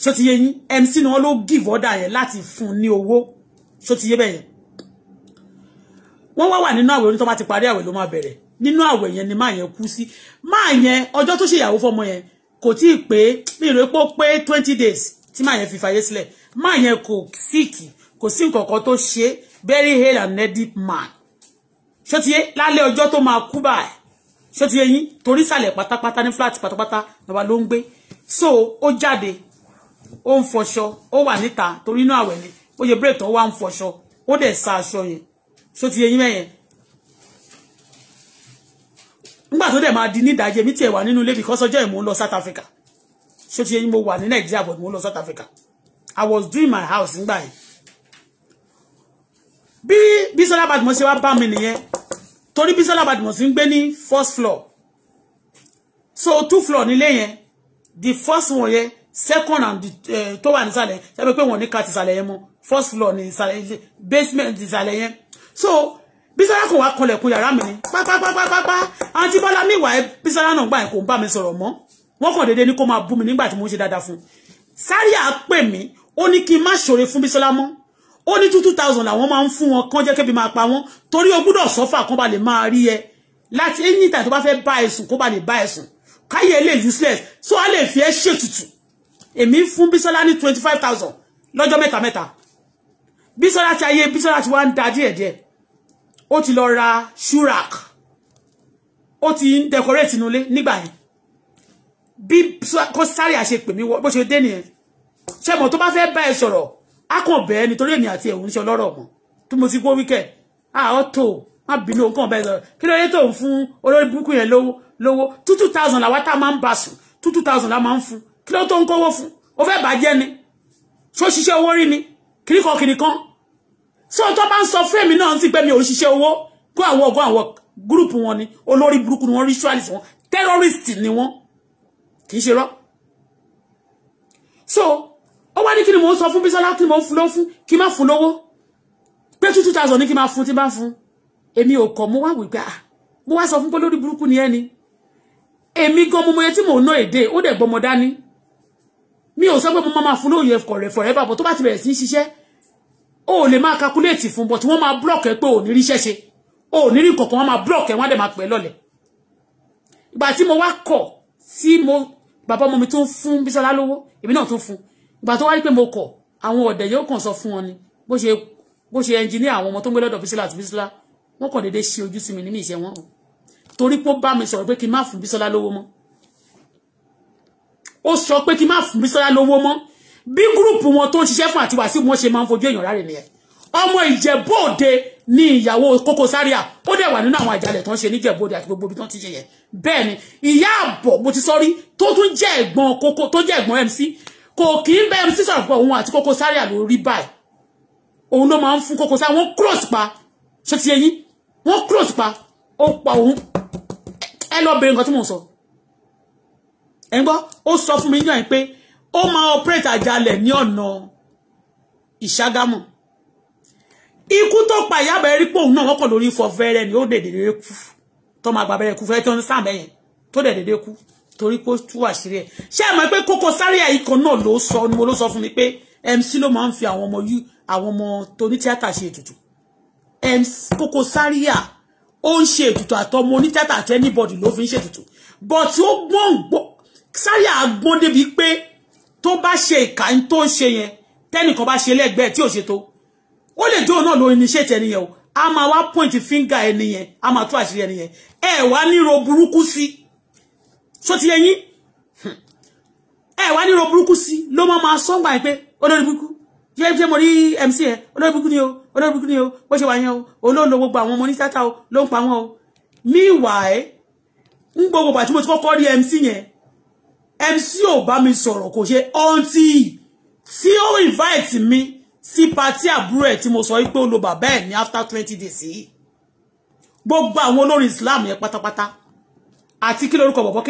ṣó yín MC ni wọ́n ló give order yẹn láti fún ní owó ṣó ti yé bẹ́ẹ̀ yẹn wọ́n wá wà nínú àwẹ̀ onítọ́ bá ti parí àwẹ̀ ló máa bẹ̀rẹ̀ nínú àwẹ̀ yẹn ni máa yẹn kú sí máa yẹn ọjọ́ tó ṣèyàwó fọmọ yẹn kò tí ì pé mi ìrò pé pé twenty days tí máa yẹn fi fàyè sílẹ̀ máa yẹn kò síìkì kò sí nǹkan kan tó very hail and deep man So ti yé lálẹ́ ọjọ́ tó máa kú báyìí ṣé ti yé yín torí ìsàlẹ̀ pátápátá ní flat pátápátá bàbá ló ń gbé so ó jáde ó ń fọṣọ ó wà níta torí inú àwẹ̀ ni ó yẹ bírèkì tó wá ń fọṣọ ó dẹ̀ sa aṣọ yẹn ṣé ti yé yín mẹ́yẹn nígbà tó dẹ̀ máa di ní ìdajì èmi tiẹ̀ wà nínú ilé bìkọ́sọ́jọ́ ìmú ń lọ South Africa ṣó ti yẹ mo wà ní nàìjíríà but mo lọ south africa i was doing my house nígbà yìí bí bísọ́lá badmus ṣe wá bá mi nìyẹn torí bísọ́lá badmus ń gbé ní first floor so two floor nílé yẹn the first one yẹn second and the eh, tó wà nísàlẹ̀ ṣàbẹ̀ pé wọ́n ní ká tìsàlẹ̀ yẹn mọ́ first floor ní ìsàlẹ̀ basement ìsàlẹ̀ yẹn so bísọ́lá kò wá kanlẹ̀kùn yàrá mi ní pápápápápá àǹtí bọ́lá mi wà bísọ́lá náà gbà kò ń bá mi sọ̀rọ̀ mọ́ wọ́n kàn déédéé ní kó máa bú mi nígbà tí mo ń ṣe dáadáa fún Zaria pè mí ó ní kí n má ṣòre fún Bísọ́lá mọ́ ó ní two thousand làwọn máa ń fún wọn kán jẹ́ kébi máa pa wọ́n torí o gbúdọ̀ sọ́fà kán ba lè máa rí ẹ láti ẹ̀yìn ìta tó bá fẹ́ bá ẹ̀sùn kó ba lè bá ẹ̀sùn káyé lè useless so a lè fi ẹ́ ṣètùtù èmi fún Bísọ́lá ní twenty five thousand lọ́jọ́ meta mẹ́ta Bísọ́lá ti ayé Bísọ́lá ti wá ń da díẹ̀díẹ̀ ó ti lọ ra shurak ó ti decorate nulẹ̀ nígbà yẹn bí kó sáré àṣe pè mí bó ṣe dé nìyẹn ṣe mọ̀ tó bá fẹ́ bá ẹ sọ̀rọ̀ á kàn bẹ́ẹ̀ nítorí èmi àti ẹ̀hún ṣe ọlọ́rọ̀ mọ̀ tó mo ti gbó wíkẹ̀ à ọ́ tó má bínú òun kàn bẹ́ẹ̀ sọ̀rọ̀ kí ló dé tó ń fún olórí burúkú yẹn lówó lówó two two thousand làwa tá a máa ń bá sùn two two thousand la máa ń fún kí ló tó ń kówó fún o fẹ́ bàjẹ́ ni ṣó ṣiṣẹ́ owó rí ni kìnnìkan kìnnìkan so tó bá ń sọ fún èmi náà sí pé mi ò ń ṣiṣẹ́ owó kó àwọn ọgọ́ àwọn gúrùpù wọn ni olórí burúkú ni wọ́n ritualist wọn terrorist ni wọ́n kì í ṣe rọ́ so ó wá ní kí ni mò ń sọ fún Bísọ́lá kí ni mò ń fún lówó fún kí má fún lówó pé two two thousand ní kí má fún tí bá fún èmi ò kọ̀ mo wá wí pé ah, mo wá sọ fún pé lórí burúkú ni ẹni èmi gan mo mọ iye mò ń ná èdè ó dẹ̀ gbọmọ dání mi ò sọ pé mo máa fún lóye kọ̀rẹ̀ forever but tó bá ti bẹ̀rẹ̀ sí í ṣiṣẹ́ o ò lè máa calculate fún but wọ́n máa block ẹ pé ò ní ríṣẹ́ ṣe o ò ní rí kankan wọ́n máa block ẹ wọ́n á dẹ̀ máa pẹ̀ lọ́lẹ̀ ìgbà tí mo wá kọ̀ tí mo bàbá ọmọ mi tó ń fún Bísọ́lá lówó èmi náà tó fún ìgbà tó wá rí pé mo kọ̀ àwọn ọ̀dẹ̀ yóò kàn sọ fún wọn ni bó ṣe bó ṣe ẹnjìníà àwọn ọmọ tó ń gbé lọ́dọ̀ Bísọ́lá àti Bísọ́lá wọ́n kàn déédéé ṣe ojú mi ní mi ìṣe wọn o torí pé ó bá mi sọ̀rọ̀ pé kí n má fún Bísọ́lá lówó mọ́ ó sọ pé kí n má fún Bísọ́lá lówó mọ́ bí gúrùpù wọn tó ń ṣiṣẹ́ fún àtiwàsí wọn ṣe máa ń fojú èèyàn rárẹ̀ ọmọ ìjẹ̀bú òde ní ìyàwó kókó sáríà ó dẹ̀ wà nínú àwọn àjálẹ̀ tó ń ṣe níjẹ̀bú òde àti gbogbo ibi tó ń ti ṣe yẹn bẹ́ẹ̀ ni ìyá àbọ̀ mo ti sọ tó tún jẹ́ ẹ̀gbọ́n kókó tó jẹ́ ẹ̀gbọ́n MC kò kì í bẹ́ MC sọ̀rọ̀ pé òun àti kókó sáríà ló rí báyìí òun ló máa ń fún kókó sáríà wọ́n cross pa ṣé ti yẹn wọ́n cross pa ó pa òun ẹ lọ bèrè nǹkan tí mò ń sọ ẹ ń gbọ́ ó sọ fún mi yàn pé ó máa operate àjálẹ̀ ní ọ̀nà ìṣàgámù ikú tó pa ìyá àbẹ̀rẹ̀ rí pòun náà wọ́n kàn lórí fọ fẹ́rẹ́ ni ó dèdèrè kú tó máa gba abẹ́rẹ́ kú fẹ́rẹ́ tó ń sàn bẹ́yẹn tó dèdèrè kú torí pé ó tú àṣírí ẹ̀ ṣé ẹ mọ̀ pé Koko Zaria ikọ̀ náà ló sọ ni mo ló sọ fún mi pé MC ló máa ń fi àwọn ọmọ yú àwọn ọmọ tóní tíátà ṣe ètùtù MC Koko Zaria ó ń ṣe ètùtù àtọmọ oní tíátà àti anybody ló fi ń ṣe ètùtù but ó gbọ́n gbọ́ Zaria gbọ́n débi pé tó bá ṣe ìkà ń tó ṣe yẹn tẹ́nìkan bá ṣe lẹ́gbẹ̀ẹ́ tí ò ṣe tó ó lè do náà ló initiate ẹni yẹn o a máa wá point finger ẹni yẹn a máa tú àṣírí ẹni yẹn ẹ wá níro burúkú sí so ti yẹn yín ẹ wá níro burúkú sí ló máa máa sọ́ngbà yẹn pé olórí burúkú jẹ́ jẹ́ mo rí mc ẹ olórí burúkú ni o olórí burúkú ni o bó ṣe wà yẹn o olóòlò gbogbo àwọn ọmọ oníṣẹ́ta o ló ń pa wọn o meanwhile ń gbogbo bàtí mo ti kọ́kọ́ rí mc yẹn mc ò bá mi sọ̀rọ̀ kò ṣe aunty tí ó invite mi sí pàtí àbúrò ẹ̀ tí mo sọ wípé ó lo bàbá ẹ̀ ní after twenty days yìí gbogbo àwọn olórin Islam yẹn pátápátá àti kí lórúkọ bọ̀bọ̀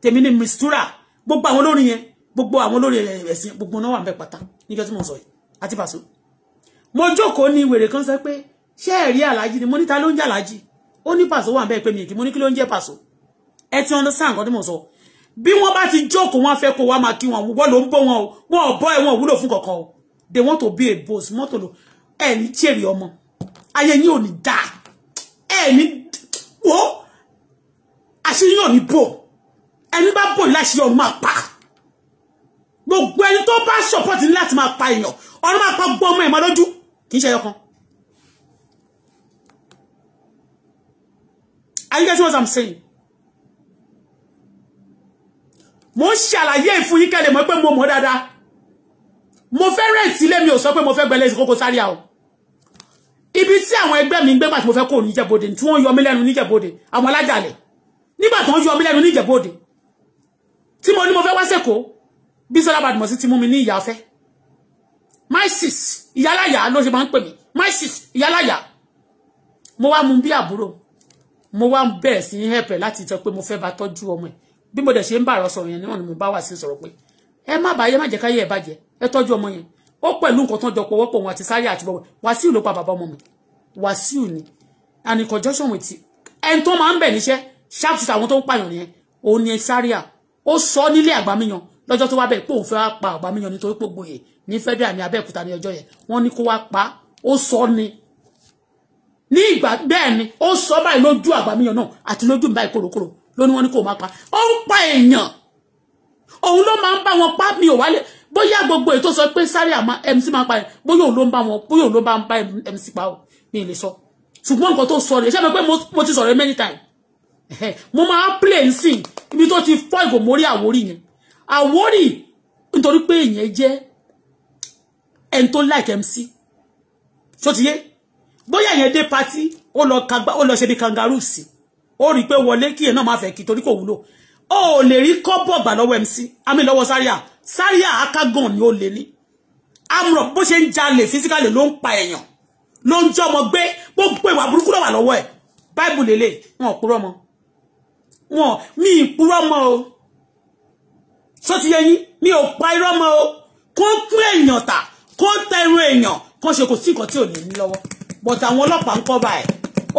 tèmi ní mistura gbogbo àwọn olórin yẹn gbogbo àwọn olórin ẹ̀sìn gbogbo náà wà ń bẹ pátá níjọ́ tí mo sọ yìí àti pàṣọ mo jókòó ní wèrè kan sọ pé ṣé ẹ̀rí aláàjì ni mo níta ló ń jẹ́ aláàjì ó ní pàṣọ wà ń bẹ́ẹ̀ pé mi kì mo ní kí ló ń jẹ́ pàṣọ ẹ ti understand nǹkan tí mo sọ bí wọ́n bá ti jókòó wọn fẹ́ kó wá máa kí wọn wọ́n ló ń bọ́ wọn o wọn ò bọ́ ẹ̀ wọn ò wúlò fún kankan o they want to be a boss mọ́tò lò ẹ̀ ní jèrè ọmọ ayé yín ò ni da. ẹ̀ ní wò ó àṣírí yín ò ní bò ẹni bá bò láṣìírí ọmọ máa pa gbogbo ẹni tó bá support ní láti máa pa èèyàn ọ̀rọ̀ máa pa gbọ́ ọmọ ẹ̀ máa lójú kì í ṣe ẹyọkan. Are you getting what I'm saying? mo ń ṣàlàyé ìfún yín kẹ́lẹ̀ mọ́ pé mo mọ̀ dáadáa mo fẹ́ rẹ̀ǹtì ilé mi ò sọ pé mo fẹ́ gbẹ́lẹ́ sí Koko Zaria o ibi tí àwọn ẹgbẹ́ mi ń gbé pàtó mo fẹ́ kó níjẹ̀bọdè tí wọ́n yọ mí lẹ́nu níjẹ̀bọdè àwọn alájàlẹ̀ nígbà tó ń yọ mí lẹ́nu níjẹ̀bọdè tí mo ní mo fẹ́ wá sẹ́kọ̀ọ́ Bísọ́lá Badmus ti mú mi ní ìyáfẹ́ my sis ìyálàyà ló ṣe máa ń pè mí my sis ìyálàyà mo wá mú bí àbúrò mo wá bẹ̀rẹ̀ sí hẹ̀pẹ̀ láti sọ pé mo fẹ́ bá tọ́jú ọmọ ẹ̀ bí mo dẹ̀ ṣe ń bàrọ̀ sọ̀rọ̀ yẹn níwọ̀n ni mo bá wà sí sọ̀rọ̀ pé ẹ má bàá yẹ má jẹ́ káyé ẹ̀ bàjẹ́ ẹ tọ́jú ọmọ yẹn ó pẹ̀lú nǹkan tán jọpọ̀ wọ́pọ̀ wọn àti sáyà àti bọ̀wọ̀ wàsíù ló pa bàbá ọmọ mi wàsíù ni and in conjunction with ẹni tó máa ń bẹ̀ níṣẹ́ sharp àwọn tó ń pààyàn nìyẹn òun ni sáríà ó sọ nílé àgbàmíyan lọ́jọ́ tó wá bẹ̀ pé òun fẹ́ pa àgbàmíyan nítorí pògbò yẹn ní federal ní abẹ́òkúta ní ọjọ́ yẹn wọ́n ní kó wá pa ó sọ ni ní ìgbà bẹ́ẹ̀ ni ó sọ báyìí lójú àgbàmíyan náà àti lójú báyìí kòròkòrò ló ní wọ́n ní kó máa pa ó ń pa èèyàn òun ló máa ń bá wọn pa mi ò wálé bóyá gbogbo èyí tó sọ pé sáré àmọ́ MC máa ń pa ẹ̀ bóyá òun ló ń bá wọn bóyá òun ló bá ń bá MC pa ọ́ mi ì lè sọ ṣùgbọ́n nǹkan tó sọ rèé ṣé mo pé mo ti sọ̀rọ̀ many times mo máa play nsìn ibi tó ti fọ́ ìgò mórí àwórì yẹn àwórì nítorí pé ìyẹn jẹ́ ẹni tó like MC ṣó ti yé bóyá ìyẹn dé party ó lọ ṣe bí kangaroo sí ó rí i pé wọlé kí ẹ̀ náà má fẹ́ kí torí kò wúlò ó lè rí kọ́bọ̀ gbà lọ́wọ́ MC àmì lọ́wọ́ sáríà Zaria akágàn ni ó lè ní amúrọ̀ bó ṣe ń jalè fisikálì ló ń pa èèyàn ló ń jọ́ ọmọ gbé gbogbo ìwà burúkú lọ́wà lọ́wọ́ ẹ̀ báìbù lélẹ̀ wọn ò purọ́ mọ́ wọn mi ì purọ́ mọ́ o sọ ti yẹn mi ò pa irọ́ mọ́ o kó pín èèyàn tà kó tẹ irun èèyàn kó ṣe kò sí nǹkan tí ò ní ní lọ́wọ́ but àwọn ọlọ́pàá ń kọ́ báyìí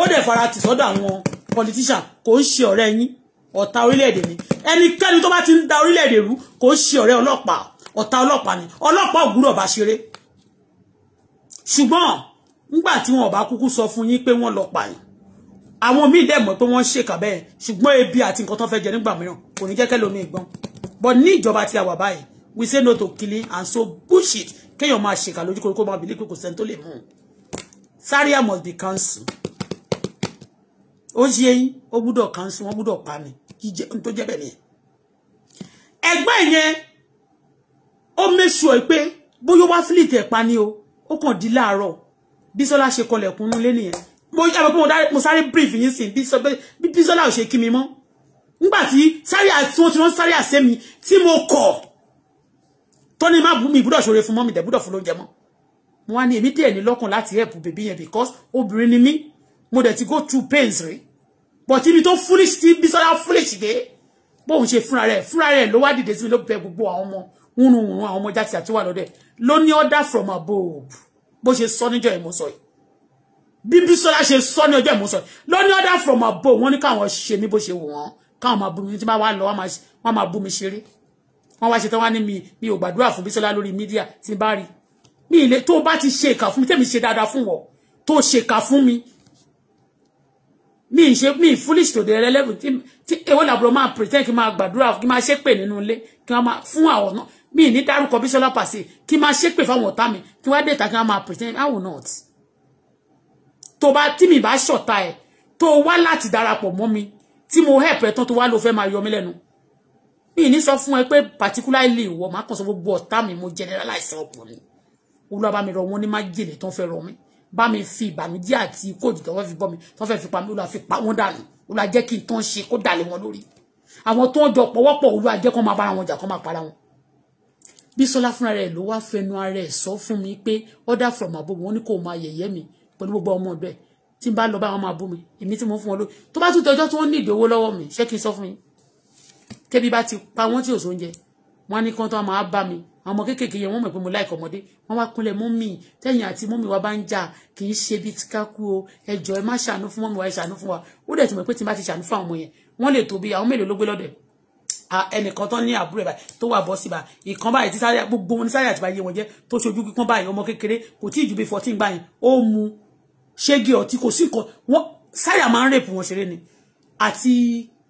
ó dẹ̀ fara tì sọ́dọ̀ àwọn politician kò ń ṣe ọ̀rẹ́ yín ọ̀tá orílẹ̀-èdè ni ẹnikẹ́ni tó bá ti ń da orílẹ̀-èdè rú kò ṣe ọ̀rẹ́ ọlọ́pàá ọ̀tá ọlọ́pàá ni ọlọ́pàá ògúrọ̀ bá ṣeré ṣùgbọ́n nígbà tí wọn ò bá kúkú sọ fún yín pé wọ́n lọ pààyàn àwọn míì dẹ̀ mọ̀ pé wọ́n ṣèkà bẹ́ẹ̀ ṣùgbọ́n ebi àti nǹkan tó fẹ́ jẹ nígbà mìíràn kò ní jẹ́kẹ́ lómi ìgbọ́n but ní ìjọba tí a wà báyìí we say no to killing and so bullshit kéèyàn máa ṣèkà lójú koríko máa bìlí pé kò sẹ́ni tó lè mú un Zaria must be cancelled ó ṣe yín ó gbúdọ̀ kanṣu wọ́n gbúdọ̀ pa ni jíjẹ tó jẹ́ bẹ́ẹ̀ nìyẹn ẹgbẹ́ yẹn ó mẹ́ṣù ọ̀ pé bóyá wá fílìtì ẹ̀pa ni o ó kàn di láàárọ̀ bísọ́lá ṣe kọlẹ̀kùn nú lé nìyẹn mo yá pé mo sáré brief yín sí bí bísọ́lá ò ṣe kí mi mọ́ nígbà tí sáré àti wọn ti rán sáré àṣẹ mi tí mo kọ̀ tó ní má bú mi ìbúdọ̀ ṣòro fún mọ́ mi dẹ̀ búdọ̀ fún lóúnjẹ mọ́ mo wá ní èmi díẹ̀ ní lọ́kàn láti help bèbí yẹn because obìnrin ni mí mo dẹ̀ ti go through pains rí but ibi tó foolish ti Bísọ́lá foolish dé bóun ṣe fúnra rẹ̀ fúnra rẹ̀ ló wá dìde sí mi ló bẹ gbogbo àwọn ọmọ wúrunwùrun àwọn ọmọ jáde àti wà lọ́dẹ̀ ló ní order from above bó ṣe sọ níjọ́ ìmú sọ yìí bí Bísọ́lá ṣe sọ ní ọjọ́ ìmú sọ yìí ló ní order from above wọ́n ní káwọn ṣe mí bó ṣe wù wọ́n káwọn máa bú mi tí wọ́n lọ wọ́n máa bú mi ṣeré wọ́n wá ṣe tán wá ní mi mi ò gbàdúrà fún Bísọ́lá lórí mídíà tí bá rí mi ilé tó bá ti ṣe ìkà fún mi tẹ́mi ṣe dáadáa fún wọ́n tó ṣe ìkà fún mi mi ń mi foolish to the level tí tí èwo làbúrò máa pretend kí máa gbàdúrà kí máa ṣépè nínú ilé kí wọ́n máa fún àwọn náà mi ní dárúkọ Bísọ́lá pàṣẹ kí máa ṣépè fáwọn ọ̀tá mi kí wọ́n á dé ta kí wọ́n máa pretend I will not. tó bá tí mi bá ṣọ̀tá ẹ̀ tó wá láti darapọ̀ mọ́ mi tí mo help ẹ̀ tán tó wá ló fẹ́ máa yọ mí lẹ́nu. mi ní sọ fún ẹ pé particularly ìwọ máa kàn sọ gbogbo ọ̀tá mi mo generalize ọ̀pọ̀ ni olúwa bá mi rọ wọn ní má jèlè tán fẹ́ rọ mí bá mi fi ìbànújẹ́ àti ikú òjì tó fẹ́ fi bọ́ mi tó fẹ́ fi pa mí olúwa fi pa wọ́n dànù olúwa jẹ́ kí n tán ṣe kó dàlẹ̀ wọn lórí àwọn tó ń jọ pọ̀wọ́pọ̀ olúwa jẹ́ kó máa bára wọn jà kó máa para wọn. Bísọ́lá fúnra rẹ̀ ló wá fẹnu ara ẹ̀ sọ fún mi pé order from above wọn ni kò máa yẹ̀yẹ́ mi pẹ̀lú gbogbo ọmọ ọ̀dọ́ ẹ̀ tí n bá lọ bá wọn máa bú mi èmi tí mo fún wọn ló tó bá tún tọjọ́ tí wọ́n ní ìdówó lọ́wọ́ mi ṣé kí n sọ fún yín tẹ́bí bá ti pa wọ́n tí òṣòǹjẹ àwọn ọmọ kéékèèké yẹn wọ́n mọ̀ pé mo láìka ọmọdé wọ́n wá kúnlẹ̀ mọ́mì tẹ̀yìn àti mọ́mì wa bá ń jà kì í ṣe bí tíkákú o ẹ jọ̀ọ́ ẹ má ṣàánú fún mọ́mì wa ẹ ṣàánú fún wa ó dẹ̀ ti mọ̀ pé tí n bá ti ṣàánú fún àwọn ọmọ yẹn wọ́n lè tó bí àwọn mélòó ló gbé lọ́dẹ̀ ẹnìkan tó ní àbúrò ẹ̀bà tó wà bọ́ síbà ìkan báyìí tí gbogbo wọn ní sáré àtìbá yé wọn jẹ́ tó ṣojú kíkan báyìí ọmọ kékeré kò tí ì ju bí fourteen báyìí ó mu ṣégi ọtí kò sí nǹkan wọn sáré ń rèpù wọn ṣeré ni àti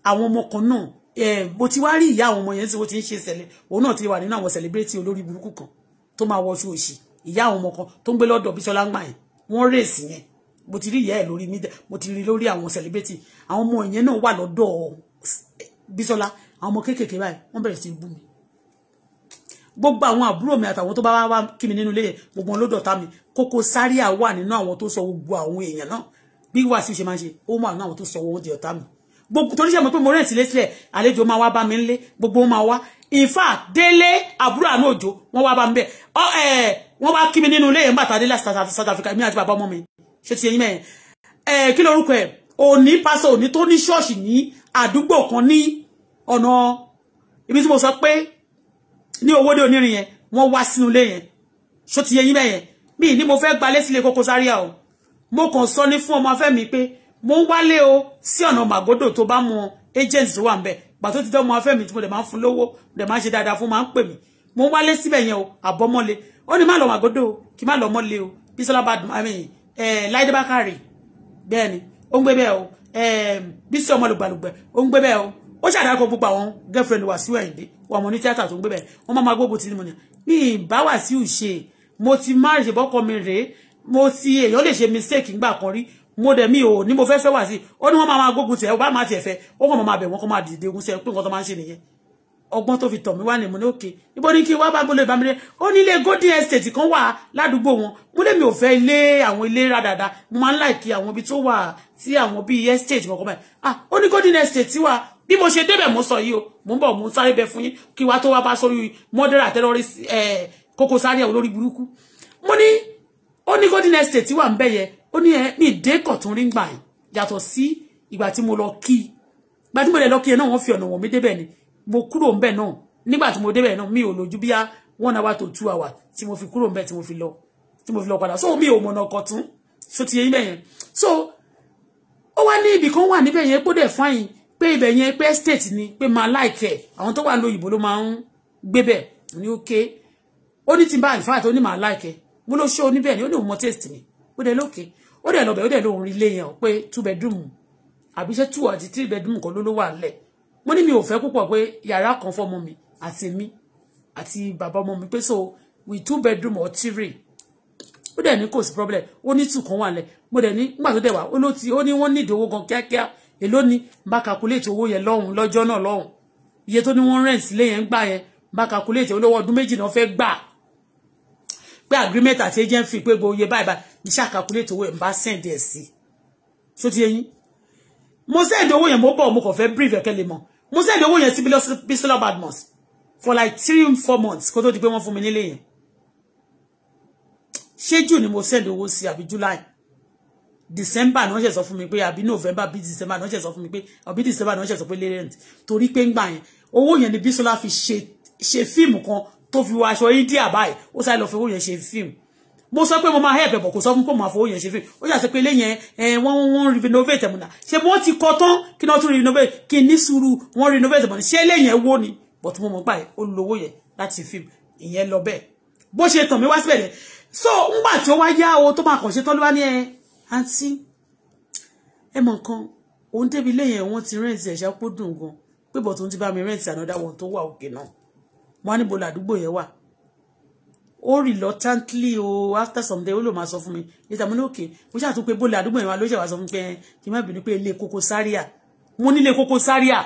àwọn ọmọ kan náà mo ti wá rí ìyá àwọn ọmọ yẹn tí wọ́n ti ń ṣe sẹ̀lẹ̀ òun náà ti wà nínú àwọn sẹ̀lẹ̀bírẹ́tì olórí burúkú kan tó máa wọṣọ òṣì ìyá àwọn ọmọ kan tó ń gbé lọ́dọ̀ Bísọ́lá ńgbà yẹn wọ́n rèsì yẹn mo ti rí ìyá ẹ̀ lórí mídẹ́ mo ti rí lórí àwọn sẹ̀lẹ̀bírẹ́tì àwọn ọmọ yẹn náà wà lọ́dọ̀ eh, Bísọ́lá àwọn ọmọ kéékèèké báyìí wọ́n bẹ̀rẹ̀ sí í bú mi gbogbo àwọn àbúrò mi àtàwọn tó bá wá kí mi nínú ilé yẹn gbogbo wọn ló mi Koko Zaria wà nínú àwọn tó sọ gbogbo àwọn èèyàn náà bí wàásù ṣe máa ń ṣe ó mọ àwọn tó sọ owó di ọ̀tá mi gbogbo torí ṣe mọ̀ pé mo rẹ̀ sílé sílẹ̀ àlejò máa wá bá mi ńlé gbogbo wọn máa wá in fact délé àbúrò àánú òjò wọn wá bá mi bẹ ọ ẹ wọn wá kí mi nínú ilé yẹn bàtà délé South Africa mi àti bàbá ọmọ mi ṣe ti yẹn mẹ ẹ kí lorúkọ ẹ òní pásọ òní tó ní ṣọ́ọ̀ṣì ní àdúgbò kan ní ọ̀nà ibi tí mo sọ pé ní owóde onírin yẹn wọ́n wá sínú ilé yẹn ṣó ti yẹ yín bẹ́yẹn mi ni mo fẹ́ gbalé sílé Koko Zaria o mo kàn sọ ní fún ọmọ afẹ́ mi pé mo ń wálé o sí ọ̀nà màgódò tó bá mọ agents wà ń bẹ̀ pàtó ti tọ́ ọmọ afẹ́mi mo dẹ̀ máa ń fún lówó mo dẹ̀ máa ń ṣe dáadáa fún máa ń pè mí mo ń wálé síbẹ̀ yẹn o àbọ́mọ́lé ó ní má lọ màgódò kí má lọ mọ́lé o Bísọ́lá bá dùn àmì Láìdé Bákàrè bẹ́ẹ̀ ni ó ń gbé bẹ́ẹ̀ o Bísí ọmọ lùgbàlùgbẹ̀ ó ń gbé bẹ́ẹ̀ o ó ṣàdákọ gbogbo àwọn girlfriend Wàsíù Àyìndé wà mọ́ ní tíátà tó ń gbé bẹ́ẹ̀ wọ́n má má gbógun ti ní mo ní mi ìbá Wàsíù ṣe mo ti má ṣe mi rèé mo ti èèyàn lè ṣe mistake ńgbà kan rí mo dẹ̀ mi ò ní mo fẹ́ fẹ́ wà sí ó ní wọ́n máa máa gbógun tiẹ̀ ó bá máa tiẹ̀ fẹ́ ó kàn máa bẹ̀ wọ́n kó máa dìde ogun sí ẹ pé nǹkan tó máa ń ṣe nìyẹn ọgbọ́n tó fi tọ̀ mí wá ní mo ní òkè ibo ní kí n wá bá gbólé bá mi lé ó nílé golden estate kan wà ládùúgbò wọn mo lè mi ò fẹ́ ilé àwọn ilé rádàdà mo máa ń láìkí àwọn ibi tó wà sí àwọn bíi estate kankan báyìí ah ó ní golden estate wa bí mo ṣe débẹ̀ mo sọ yìí o mo ń bọ̀ mo ń sáré bẹ fún yín kí wá tó wá bá sórí murderer terrorist Koko eh, Zaria olórí burúkú mo ní ó ní golden estate wà ń bẹ̀ yẹn ó ní ẹ ní ìdẹ́kọ̀ tó ń rí gbà yàtọ̀ sí ìgbà tí mo lọ kí i tí mo lè lọ kí i náà wọ́n fi ọ̀nà wọ̀n mi débẹ̀ ni mo kúrò ń bẹ̀ náà nígbà tí mo débẹ̀ náà mi ò lójú bíyá one hour to two hour tí mo fi kúrò ń bẹ̀ tí mo fi lọ tí mo fi lọ padà so mi ò mọ̀nà ọkọ̀ tún so ti yẹ yín so ó wá ní ibì kan wà níbẹ̀ yẹn pé dẹ̀ fáyìn pé ibẹ̀ yẹn pé estate ni pé máa láìkẹ̀ àwọn tó wà ní òyìnbó ló máa ń gbé bẹ̀ ní ókè ó ní ti bá in fact ní máa láìkẹ̀ mo ló ṣó oníbẹ̀ ni ó ní òun mọ taste mi ó dẹ̀ lókè ó dẹ̀ lọ́bẹ̀ ó dẹ̀ lóun rí ilé yẹn pé two bedroom àbí iṣẹ́ two àti three bedroom kan ló ló wà nílẹ̀ mo ní mi ò fẹ́ púpọ̀ pé yàrá kan fọmọ mi àti mi àti bàbá ọmọ mi pé so with two bedroom or three ó dẹ̀ ní kò sí problem ó ní two kan wà nílẹ̀ mo dẹ̀ ní nígbà tó dẹ̀ wá ó ló ti ó ní wọ́n ní ìdówó gan kíákíá èló ni bá calculate owó yẹn lọ́hùn lọ́jọ́ náà lọ́hùn iye tó ní wọ́n rent sílé yẹn ń gbà yẹn bá calculate olówó ọdún méjì náà fẹ́ gbà pé agreement àti agent fee pé gbogbo iye báyìí báyìí mi ṣáà calculate owó ẹ̀ ń bá send ẹ̀ sí ṣó ti yẹn mo send owó yẹn mo bọ̀ mo kàn fẹ́ brief ẹ̀kẹ́ lè mọ̀ mo send owó yẹn sí Bisola Badmus for like three four months kó tó di pé wọ́n fún mi nílé yẹn ṣé jù ni mo send owó sí àbí July December náà ṣe sọ fún mi pé àbí November bí December náà ṣe sọ fún mi pé àbí December náà ṣe sọ pé lé rent torí pé ńgbà yẹn owó yẹn ni Bisola fi ṣe ṣe fíìmù kan tó fi wọ aṣọ India báyìí ó sáré lọ fi owó yẹn ṣe fíìmù mo sọ pé mo máa help ẹ̀bọ̀ kò sọ fún pé mo máa fowó yẹn ṣe fún ó yà sọ pé ilé yẹn wọ́n wọ́n renovate ẹ̀mùnà ṣe mo ti kọ́ tán kí wọ́n tún renovate kí n ní sùúrù wọ́n renovate ẹ̀mùnà ṣé ilé yẹn wó ni but mo mọ̀ pa ẹ̀ ó lówó yẹn láti fíìmù ìyẹn lọ bẹ́ẹ̀ bó ṣe tàn mí wá síbẹ̀ yẹn so ńgbà tí ó wá yá o tó máa kàn ṣe tán ló wá ní ẹ àǹtí ẹ mọ̀ nǹkan òun débi ilé yẹn wọ́n ti rẹ́ǹtì ẹ̀ṣá pọ̀ dùn gan pé bọ̀ tó ti bá mi rẹ́ǹtì ànádà wọn tó wà òkè náà wọn á níbo làdúgbò yẹn wà ó reluctantly o after some day ó lò máa sọ fún mi níta mo ní òkè mo ṣàtún pé bólú àdúgbò ìwà ló ṣe wá sọ fún mi pé kí n má bínú pé ilé Koko Zaria mo nílé Koko Zaria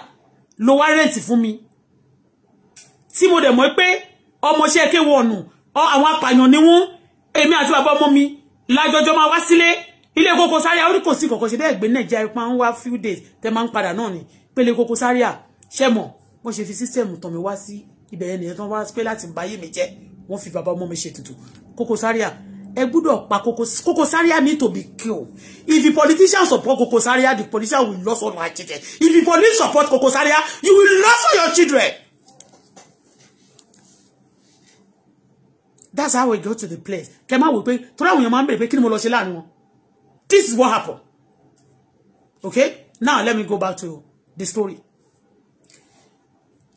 lo wá rẹ̀ǹtì fún mi tí mo dẹ̀ mọ̀ pé ọmọọṣẹ́ kéwọ ọ̀nù àwọn apààyàn ni wọ́n èmi àti bàbá ọmọ mi lájọjọ máa wá sílé ilé Koko Zaria ó ní kò sí kọ̀kọ́ ṣe bẹ́ẹ̀ gbé nàìjíríà máa ń wá few days tẹ́ máa ń padà náà ni pé ilé Koko Zaria ṣẹ́mọ̀ wọ́n ṣe fi sísẹ̀mù tàn mí wá sí ibẹ̀ yẹn nìyẹn tó wá pé láti báyé mi jẹ́ wọ́n fi bàbá ọmọ mi ṣe tuntun Koko Saria, ẹ gbúdọ̀ pa Koko Saria need to be killed if the politicians support Koko Saria, the politician will lose all my children if the police support Koko Saria, you will lose all your children. that's how we go to the place Kema máa wò pé torí àwọn èèyàn máa ń bèrè pé mo lọ ṣe láàrin wọn this is what happened okay now let me go back to the story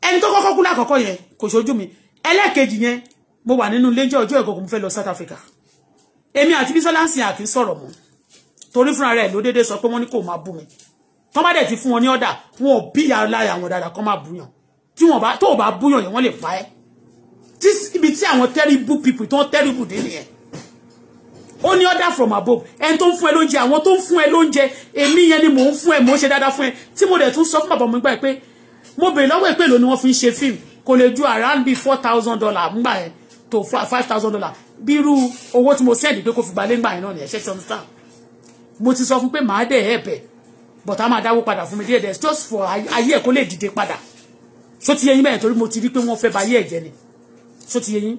ẹni tó kọ́kọ́ kú lákọ̀ọ́kọ́ yẹn kò ṣojú mi ẹlẹ́ẹ̀kejì yẹn mo wà nínú lẹ́jọ́ ọjọ́ ìkọ̀kọ̀ mo fẹ́ lọ South Africa èmi àti Bísọ́lá ń sin àkì sọ̀rọ̀ mọ́ torí fúnra rẹ̀ ló déédéé sọ pé wọ́n ní kò máa bú mi tọ́ bá dẹ̀ ti fún wọn ní ọ̀dà wọn ò bí ìyá láyà wọn dáadáa kọ́ máa búyàn tí wọn bá tó o bá búyàn yẹn wọ́n pa ẹ́ tí ibi tí àwọn terrible people tó ń terrible dé nìyẹn ó ní order from above ẹni tó ń fún ẹ lóúnjẹ àwọn tó ń fún ẹ lóúnjẹ èmi yẹn ni mò ń fún ẹ mò ń ṣe dáadáa fún ẹ tí mo dẹ̀ tún sọ fún bàbá mi gbà pé mo bèrè lọ́wọ́ èpè lónìí wọ́n fi ń ṣe fíìmù kò ju around bíi four thousand dollar ńgbà to five thousand dollar bí irú owó tí mo send pé kò fi gbalé ńgbà yẹn náà nìyẹn ṣe ti understand mo ti sọ fún pé màá dẹ̀ ẹ̀bẹ̀ but a máa dáwó padà fún mi díẹ̀ díẹ̀ just for ayé ẹ̀ kó lè dìde padà so ti yẹyin bẹ́ẹ̀ torí mo ti rí pé wọ́n fẹ́ ba ayé ẹ̀ jẹ́ ni so ti yẹyin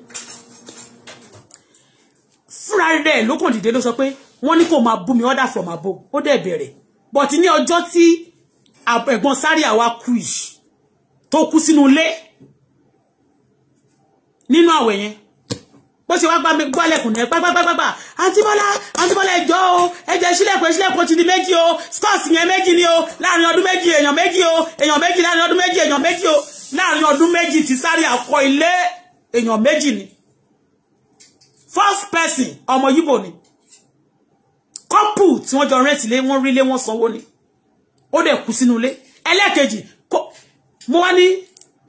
fúnra rẹ̀ ló kàn dìde ló sọ pé wọ́n ní kò máa bú mi order from abo ó dẹ̀ bẹ̀rẹ̀ but ní ọjọ́ tí ẹ̀gbọ́n sáré àwa kú yìí tó kú sínú ilé nínú àwẹ̀ yẹn bó ṣe wá gbá mi gbọ́lẹ̀kùn náà gbágbágbágbá àǹtí bọ́lá àǹtí bọ́lá ẹjọ́ o ẹjẹ́ sílẹ̀kùn sílẹ̀kùn ti di méjì o scores yẹn méjì ni o láàrin ọdún méjì èèyàn méjì o èèyàn méjì láàrin ọdún méjì èèyàn méjì o láàrin ọdún méjì ti sáré àkọ ilé èèyàn méjì ni first person ọmọ yíbò ni couple tí wọ́n jọ rent lé wọ́n rí lé wọ́n sanwó ni ó dẹ̀ kú sínú ilé ẹlẹ́ẹ̀kejì mo wá ní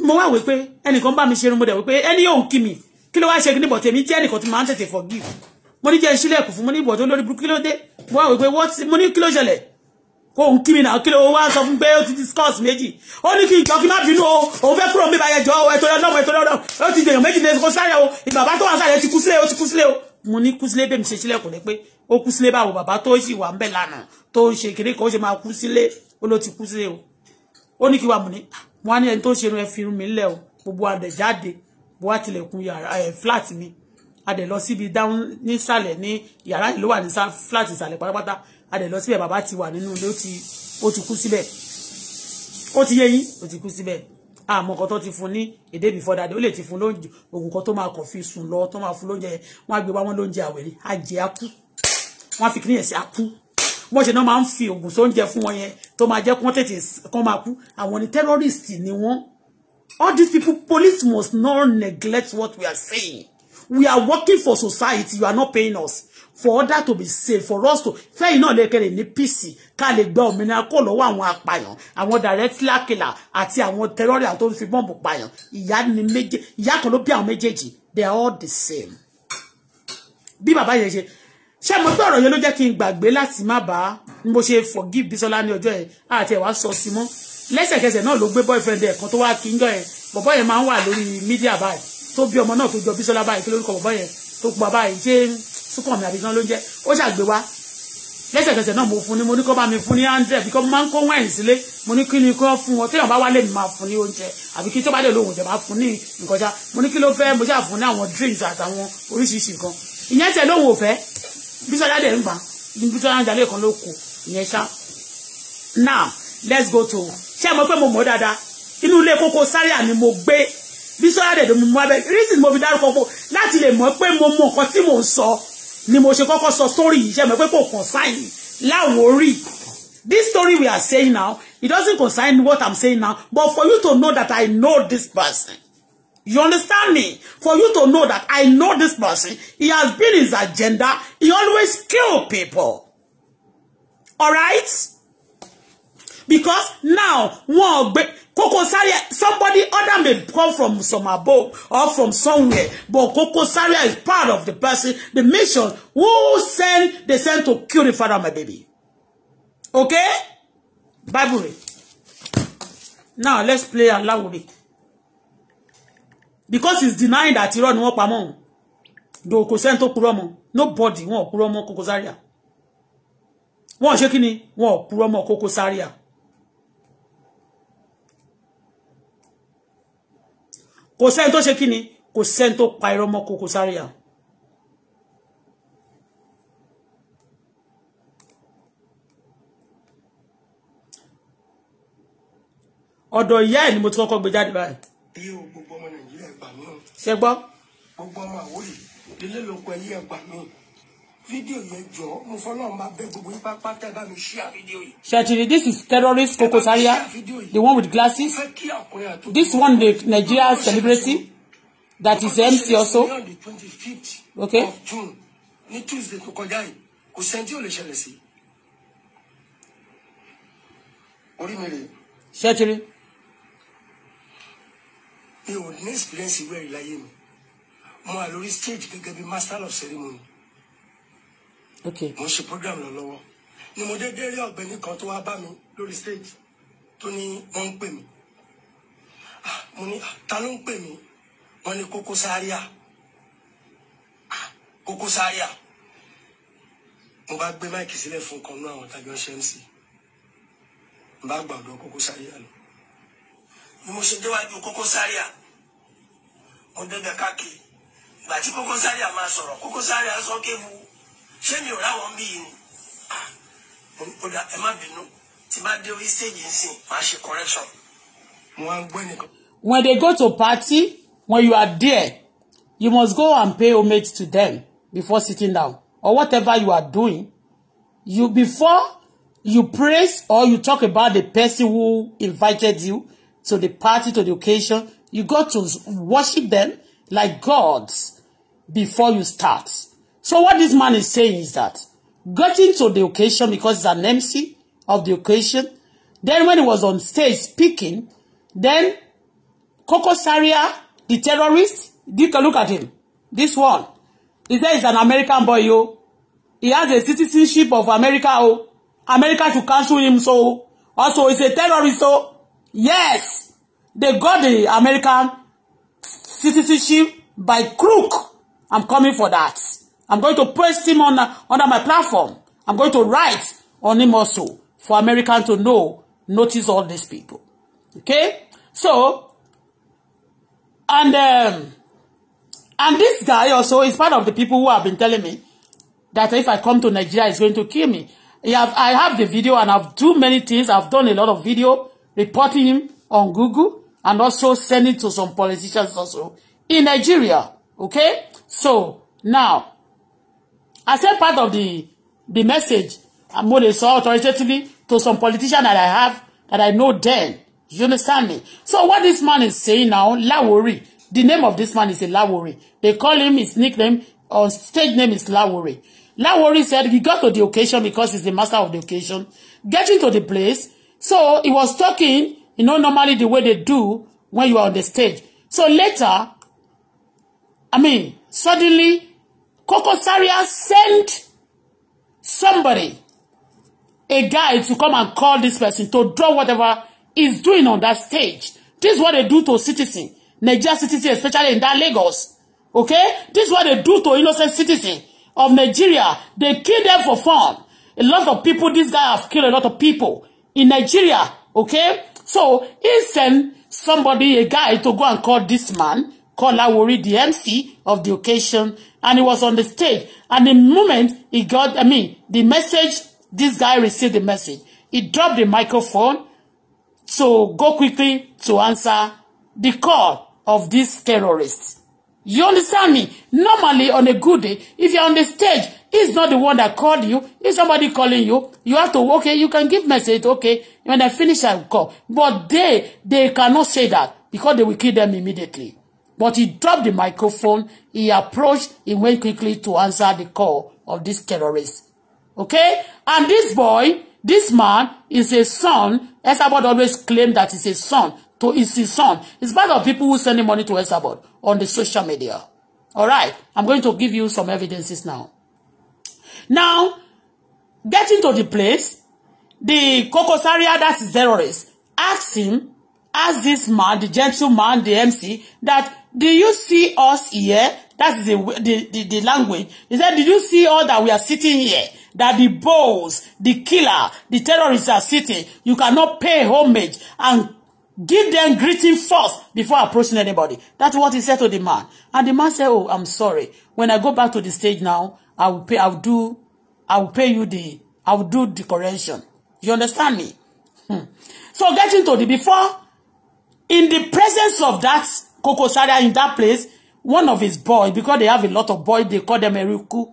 mo wá wípé ẹnìkan bá mi ṣerun mo dẹ̀ wípé ẹni yóò ń kí mi kí ló wá ṣe kí níbọ̀ tèmi jẹ́ ẹnìkan tí màá forgive mo ní jẹ́ ìṣílẹ̀kùn fún mo ní ìbọ̀ tó lórí burúkú kí ló dé mo wá wípé mo ní kí ló ṣẹlẹ̀ kó ń kí mi náà kí ló wá sọ fún pé ó ti discuss méjì ó ní kí n jọ kí n má bínú o òun fẹ́ kúrò níbà yẹn jọ ẹ̀tọ́ ọlọ́mọ ẹ̀tọ́ ọlọ́mọ ó ti dèèyàn méjì lè kó sáré o ìbàbá tó wà sáré ti kú o ti kú sílé o mo ní kú sílé bẹ́ẹ̀ mi ṣe sílẹ̀kùn ní pé ó kú sílé báwo bàbá tó sì wà ń bẹ̀ lánàá tó ń ṣe kiri kan ó ṣe máa kú sílé ti kú sílé o ó ní kí wà mú ní wọ́n á ní ẹni tó ṣe irun ẹ fi irun mi lẹ̀ o gbogbo adẹ̀ jáde bó wá tilẹ̀kùn yàrá ẹ̀ flat mi adẹ̀ lọ síbi dáhùn nísàlẹ̀ ní yàrá yìí ló wà ní flat ìsàlẹ̀ pátápátá adẹ̀ lọ síbẹ̀ bàbá ti wà nínú ilé ó ti kú síbẹ̀ ó ti yé yín ó ti kú síbẹ̀ àmọ́ kan tó ti fún ní èdè before that ó lè ti fún lóúnjẹ oògùn kan tó máa kọ̀ fi sùn lọ tó máa fún lóúnjẹ wọn á gbé wá wọn lóúnjẹ àwẹ̀rí á jẹ wọn á fi kíní ẹ̀ sí á bó ṣe náà máa ń fi oògùn sóúnjẹ fún wọn yẹn tó máa jẹ́ kán tètè kán máa kú àwọn ni terrorist ni wọ́n all these people police must not neglect what we are saying we are working for society you are not paying us for order to be safe for us to fẹ́yìn náà lè kẹrẹ̀ ní pc ká lè gba òmìnira kó lọ́wọ́ àwọn apààyàn àwọn directly killer àti àwọn terrorist àwọn tó ń fi bọ́ǹbù pààyàn ìyá ni méje ìyá kan ló bí àwọn méjèèjì they are all the same bí bàbá yẹn ṣe ṣé mo pé ọ̀rọ̀ yẹn ló jẹ́ kí n gbàgbé láti má bàá ni mo ṣe forgive Bísọ́lá ní ọjọ́ yẹn àti ẹ̀wá sọ sí mọ́ lẹ́sẹ̀kẹsẹ̀ náà ló gbé boyfriend ẹ̀ kan tó wá kí n jọ yẹn bọ̀bọ́ yẹn máa ń wà lórí mídíà báyìí tó bí ọmọ náà tó jọ Bísọ́lá báyìí kí lórúkọ bọ̀bọ́ yẹn tó pa báyìí ṣé Súnkànmí àbíkan ló ń jẹ́ ó ṣàgbé wá lẹ́sẹ̀kẹsẹ̀ náà mo fún ni mo ní kó bá mi fún ní hundred bí kò máa ń kó wáìn sílé mo ní kí ni kó fún wọn téèyàn bá wá lè máa fún ní oúnjẹ àbí kí tó bá dé lóhùn ìjọba fún ní nǹkan ṣá mo ní kí ló fẹ́ mo ṣáà fún ní àwọn drinks àtàwọn oríṣiríṣi nǹkan ìyẹn tẹ̀ lóhùn ò fẹ́ now let's go to ṣé mo pé mo mọ̀ dáadáa inú ilé Koko Zaria ni mo gbé bísọ́lá dẹ̀ mo mọ reason mo fi dárúkọ pọ̀ láti lè mọ̀ pé mo mọ nǹkan tí mò ń ni mo ṣe kọ́kọ́ sọ story yìí mo pé kò concern láwòrí this story we are saying now it doesn't concern what I'm saying now but for you to know that I know this person You understand me? For you to know that I know this person, he has been his agenda, he always kill people. Alright? Because now, one Koko Saria, somebody other may come from some above or from somewhere, but Koko Saria is part of the person, the mission who send, they send to kill the father of my baby. Okay? Bible. Now let's play Alawuri because he's denying that irọ́ ni wọ́n pamọ́ òun dò kò sẹ́ni tó purọ́ mọ́ nobody wọn ò purọ́ mọ́ Koko Zaria wọn ò ṣe kí ni wọn ò purọ́ mọ́ Koko Zaria. kò sẹ́ni tó ṣe kí ni kò sẹ́ni tó pa irọ́ mọ́ Koko Zaria. ọ̀dọ̀ ìyá ẹ̀ ni mo ti kọ́kọ́ gbé jáde báyìí ṣe gbọ́. gbogbo ọmọ àwòrì ilé ló pẹ yí ẹgbà mi fídíò yẹn jọ mo fọlọ́run máa bẹ gbogbo yín pápá tẹ́ bá mi share fídíò yìí. ṣètìlì this is terrorist Koko Zaria the one with glasses this one the Nigeria celebrity that is MC also okay. ní Tuesday tó kọjá yìí kò sẹ́ni tí ò lè ṣẹlẹ̀ sí orí mi rè. ṣètìlì mi ò ní experience ìwé ẹ̀rí láyé mi mo wà lórí stage gẹ́gẹ́ bí master of ceremony mo ń ṣe program lọ lọ́wọ́ ni mo dédé rí ọ̀gbẹ́ni kan tó wá bá mi lórí stage tó ní wọ́n ń pè mí ah, mo ní ah, ta ló ń pè mí wọ́n ní Koko Zaria Koko Zaria mo bá gbé máìkì sílẹ̀ fún kan náà àwọn tàbí ọ̀ṣẹ́ mc mo bá gbàgbọ́ Koko Zaria lọ mo ṣe déwájú Koko Zaria káàkiri ìgbà tí Koko máa sọ̀rọ̀ Koko sọ kéwu ṣé mi ò ráwọn bí yìí ni ah, ó ẹ má bínú tí bá dé orí stage nsìn máa ṣe correction wọn gbé nìkan. When they go to party, when you are there, you must go and pay homage to them before sitting down or whatever you are doing. You before you praise or you talk about the person who invited you to the party, to the occasion. You got to worship them like gods before you start. So what this man is saying is that getting to the occasion because he's an MC of the occasion. Then when he was on stage speaking, then Coco Saria, the terrorist, you can look at him. This one. He said he's an American boy, yo. He has a citizenship of America, oh. America to cancel him, so. Also, he's a terrorist, so. Yes, they got the American citizenship by crook. I'm coming for that. I'm going to post him on under my platform. I'm going to write on him also for American to know, notice all these people. Okay? So, and um, and this guy also is part of the people who have been telling me that if I come to Nigeria, he's going to kill me. Yeah, I have the video and I've do many things. I've done a lot of video reporting him on Google and also sending to some politicians also in Nigeria. Okay? So, now, I said part of the, the message, I'm going to say authoritatively to some politician that I have, that I know then. You understand me? So what this man is saying now, Lawori, the name of this man is a Lawori. They call him, his nickname, or stage name is Lawori. Lawori said he got to the occasion because he's the master of the occasion. Getting to the place, So he was talking, you know, normally the way they do when you are on the stage. So later, I mean, suddenly, Coco Saria sent somebody, a guy, to come and call this person to draw whatever he's doing on that stage. This is what they do to citizen, Nigeria citizen, especially in that Lagos. Okay? This is what they do to innocent citizen of Nigeria. They kill them for fun. A lot of people, this guy have killed a lot of people in Nigeria. Okay? So he sent somebody, a guy, to go and call this man, call Lawori, the MC of the occasion, and he was on the stage. And the moment he got, I mean, the message, this guy received the message. He dropped the microphone to go quickly to answer the call of this terrorist. You understand me? Normally, on a good day, if you're on the stage It's not the one that called you. It's somebody calling you, you have to, okay, you can give message, okay. When I finish, I call. But they, they cannot say that because they will kill them immediately. But he dropped the microphone. He approached. He went quickly to answer the call of this terrorist. Okay? And this boy, this man, is a son. Esabod always claimed that he's a son. To is his son. It's part of people who send money to Esabod on the social media. All right? I'm going to give you some evidences now. Now, getting to the place, the Kokosaria, that is terrorist, asked him, asked this man, the gentleman, the MC, that, do you see us here? That's the, the, the, the language. He said, did you see all that we are sitting here? That the bulls, the killer, the terrorists are sitting. You cannot pay homage and give them greeting first before approaching anybody. That's what he said to the man. And the man said, oh, I'm sorry. When I go back to the stage now, I will pay, I will do, I will pay you the, I will do the correction. You understand me? Hmm. So getting to the before, in the presence of that Koko Zaria in that place, one of his boy, because they have a lot of boy, they call them eruku.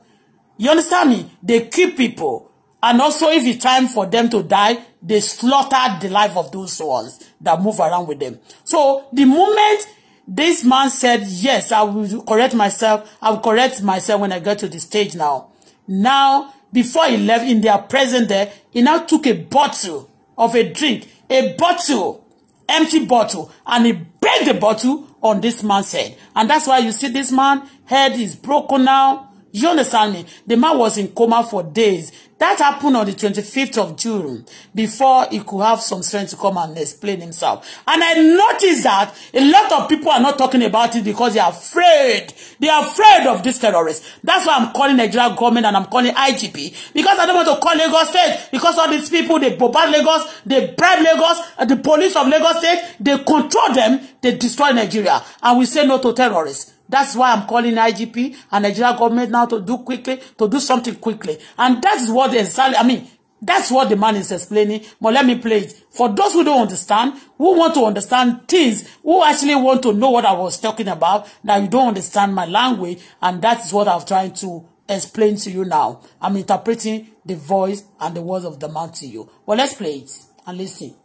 You understand me? They kill people. And also if it's time for them to die, they slaughter the life of those ones that move around with them. So the moment This man said, yes, I will correct myself. I will correct myself when I get to the stage now. Now, before he left, in their presence, there, he now took a bottle of a drink, a bottle, empty bottle, and he break the bottle on this man's head. And that's why you see this man, head is broken now. You understand me? The man was in coma for days. That happened on the 25th of June before he could have some strength to come and explain himself. And I noticed that a lot of people are not talking about it because they are afraid. They are afraid of these terrorists. That's why I'm calling Nigeria government and I'm calling IGP because I don't want to call Lagos State because all these people, they bombard Lagos, they bribe Lagos, uh, the police of Lagos State, they control them, they destroy Nigeria. And we say no to terrorists. That's why I'm calling IGP and Nigeria government now to do quickly, to do something quickly. And that's what exactly, I mean, that's what the man is explaining. But let me play it. For those who don't understand, who want to understand things, who actually want to know what I was talking about, now you don't understand my language, and that's what I'm trying to explain to you now. I'm interpreting the voice and the words of the man to you. Well, let's play it and listen.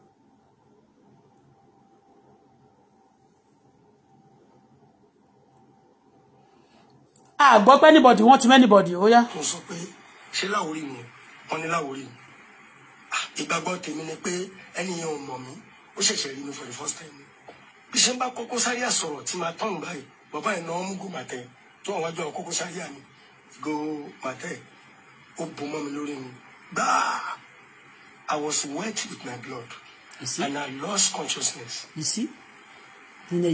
àgbọ́ pé anybody wọ́n anybody ó yá. mo sọ pé ṣé láwòrì mi wọn ní láwòrì mi ìgbàgbọ́ tèmi ni pé ẹni yẹn ò mọ̀ mí ó ṣẹ̀ṣẹ̀ rí mi for the first time bí ṣe ń bá kókó sáríà sọ̀rọ̀ tí màá tọ̀hún báyìí bàbá yẹn náà mú gò màtẹ tó àwọn kókó sáríà mi gò ó bò mọ́ mi lórí mi gbáà I was wet with my blood and I lost consciousness. You see? you hmm.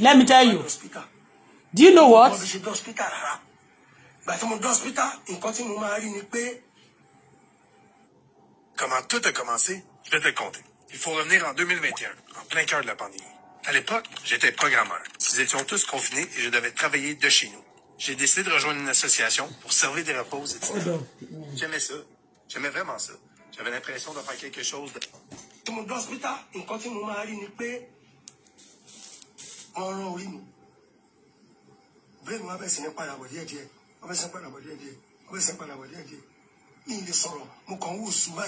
let me tell you do you know what. Comment tout a commencé, je te compter. Il faut revenir en 2021, en plein cœur de la pandémie. À l'époque, j'étais programmeur. Ils étaient tous confinés et je devais travailler de chez nous. J'ai décidé de rejoindre une association pour servir des repos, etc. Oh J'aimais ça. J'aimais vraiment ça. J'avais l'impression de faire quelque chose de. Tout le monde doit se mettre à une continue, Marie, une paix. On l'a Vraiment, Bref, on va faire pas la voie de Dieu. On va faire pas la voie de Dieu. On va faire pas la voie de Dieu. Il est sorti. Mon con, où est-ce que tu vas?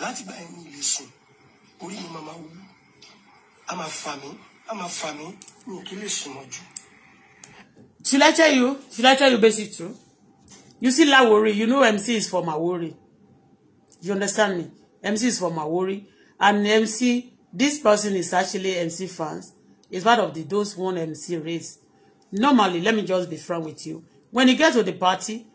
Là, tu vas être maman, a máa fà mí a máa fà mí mi kì í lè súnmọ́ jù. Should I tell you? Should I tell you basic truth? You see Lawori, you know MC is for Maori. You understand me? MC is for Maori, And MC, this person is actually MC fans. It's part of the those one MC race. Normally, let me just be frank with you. When you get to the party,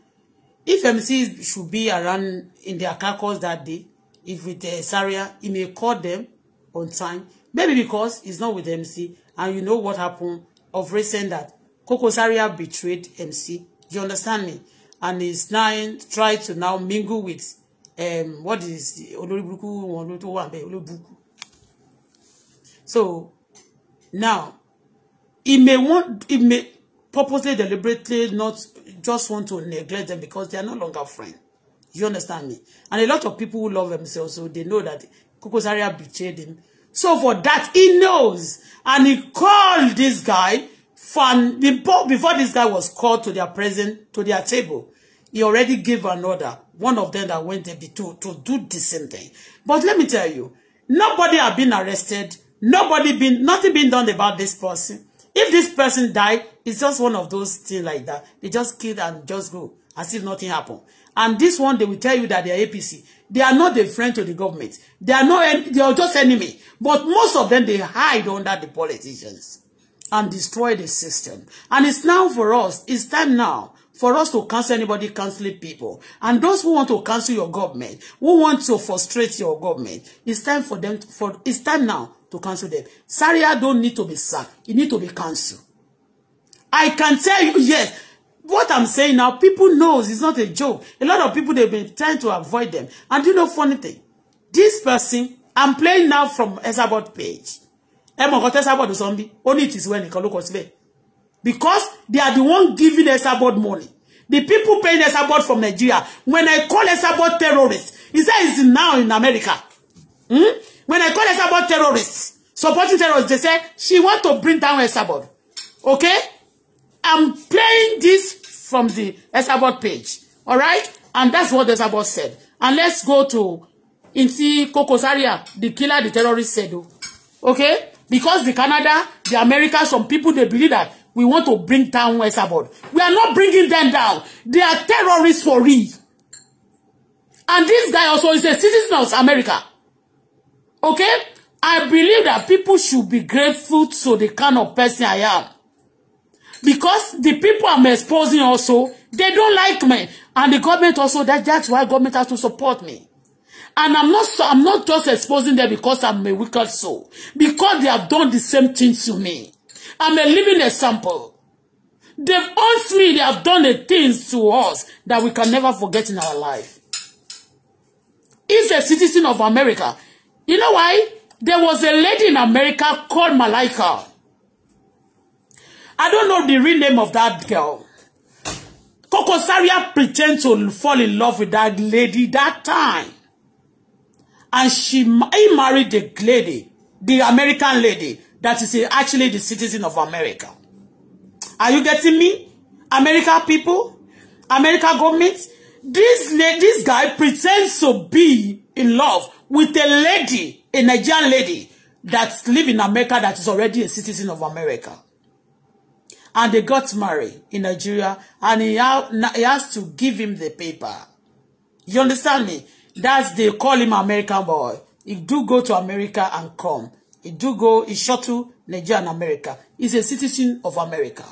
if MC should be around in their caucus that day, if with the eh, Saria, he may call them on time. Maybe because he's not with MC, and you know what happened of recent that Koko Zaria betrayed MC. Do you understand me? And he's now trying to now mingle with um, what is Oloribuku one So now he may want he may purposely deliberately not just want to neglect them because they are no longer friends. You understand me? And a lot of people who love themselves also they know that Koko Zaria betrayed him. So for that, he knows. And he called this guy from before, before this guy was called to their present, to their table. He already gave an order. One of them that went there to, to do the same thing. But let me tell you, nobody have been arrested. Nobody been, nothing been done about this person. If this person died, it's just one of those things like that. They just kill and just go as if nothing happened. And this one, they will tell you that they are APC. They are not a friend to the government. They are not, they are just enemy. But most of them, they hide under the politicians and destroy the system. And it's now for us, it's time now for us to cancel anybody canceling people. And those who want to cancel your government, who want to frustrate your government, it's time for them, to, for it's time now to cancel them. Saria don't need to be sacked. It need to be canceled. I can tell you, yes, what I'm saying now, people knows it's not a joke. A lot of people, they've been trying to avoid them. And do you know funny thing? This person, I'm playing now from Esabod page. Emma got Esabod zombie. Only it is when he can look us Because they are the one giving Esabod money. The people paying Esabod from Nigeria. When I call Esabod terrorists, he says it's now in America. Hmm? When I call Esabod terrorists, supporting terrorists, they say she want to bring down Esabod. Okay? I'm playing this from the Esabod page. All right? And that's what Esabod said. And let's go to Inti Kokosaria, the killer, the terrorist said. Oh. Okay? Because the Canada, the America, some people, they believe that we want to bring down Esabod. We are not bringing them down. They are terrorists for real. And this guy also is a citizen of America. Okay? I believe that people should be grateful to the kind of person I am because the people I'm exposing also, they don't like me. And the government also, that, that's why government has to support me. And I'm not so, I'm not just exposing them because I'm a wicked soul. Because they have done the same thing to me. I'm a living example. They've asked me, they have done the things to us that we can never forget in our life. He's a citizen of America. You know why? There was a lady in America called Malika. I don't know the real name of that girl. Koko Zaria pretend to fall in love with that lady that time. And she he married the lady, the American lady that is actually the citizen of America. Are you getting me? America people, America government, this, this guy pretends to be in love with a lady, a Nigerian lady that live in America that is already a citizen of America and they got married in Nigeria and he, ha he has to give him the paper. You understand me? That's they call him American boy. He do go to America and come. He do go, he shuttle Nigeria and America. He's a citizen of America.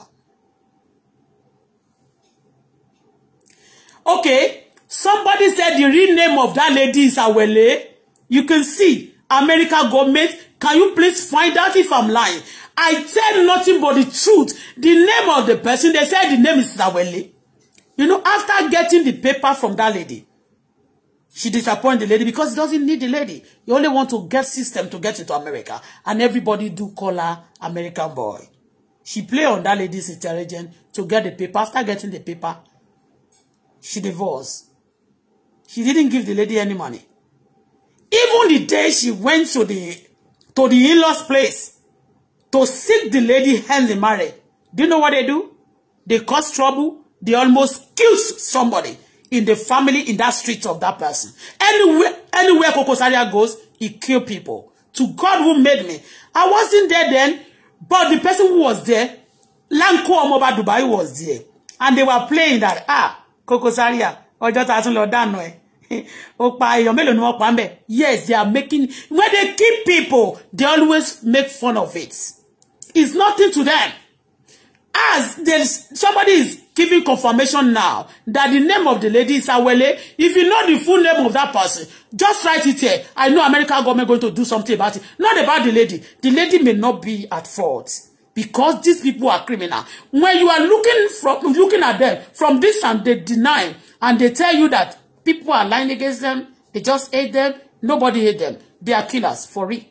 Okay, somebody said the real name of that lady is Awele. You can see America government. Can you please find out if I'm lying? I tell nothing but the truth. The name of the person, they said the name is Zawele. You know, after getting the paper from that lady, she disappoint the lady because she doesn't need the lady. He only want to get system to get into America. And everybody do call her American boy. She play on that lady's intelligence to get the paper. After getting the paper, she divorced. She didn't give the lady any money. Even the day she went to the to the in-laws place, to seek the lady hand in marriage. Do you know what they do? They cause trouble. They almost kill somebody in the family in that street of that person. Anywhere, anywhere Kokosaria goes, he kill people. To God who made me. I wasn't there then, but the person who was there, Lanko Omoba Dubai was there. And they were playing that, ah, Kokosaria, ah, or just asking tún lọ dànù ẹ̀. *laughs* ó pa èèyàn yes they are making when they kill people they always make fun of it is nothing to them. As there's somebody is giving confirmation now that the name of the lady is Awele, if you know the full name of that person, just write it here. I know American government going to do something about it. Not about the lady. The lady may not be at fault because these people are criminal. When you are looking from looking at them from this and they deny and they tell you that people are lying against them, they just hate them, nobody hate them. They are killers for real.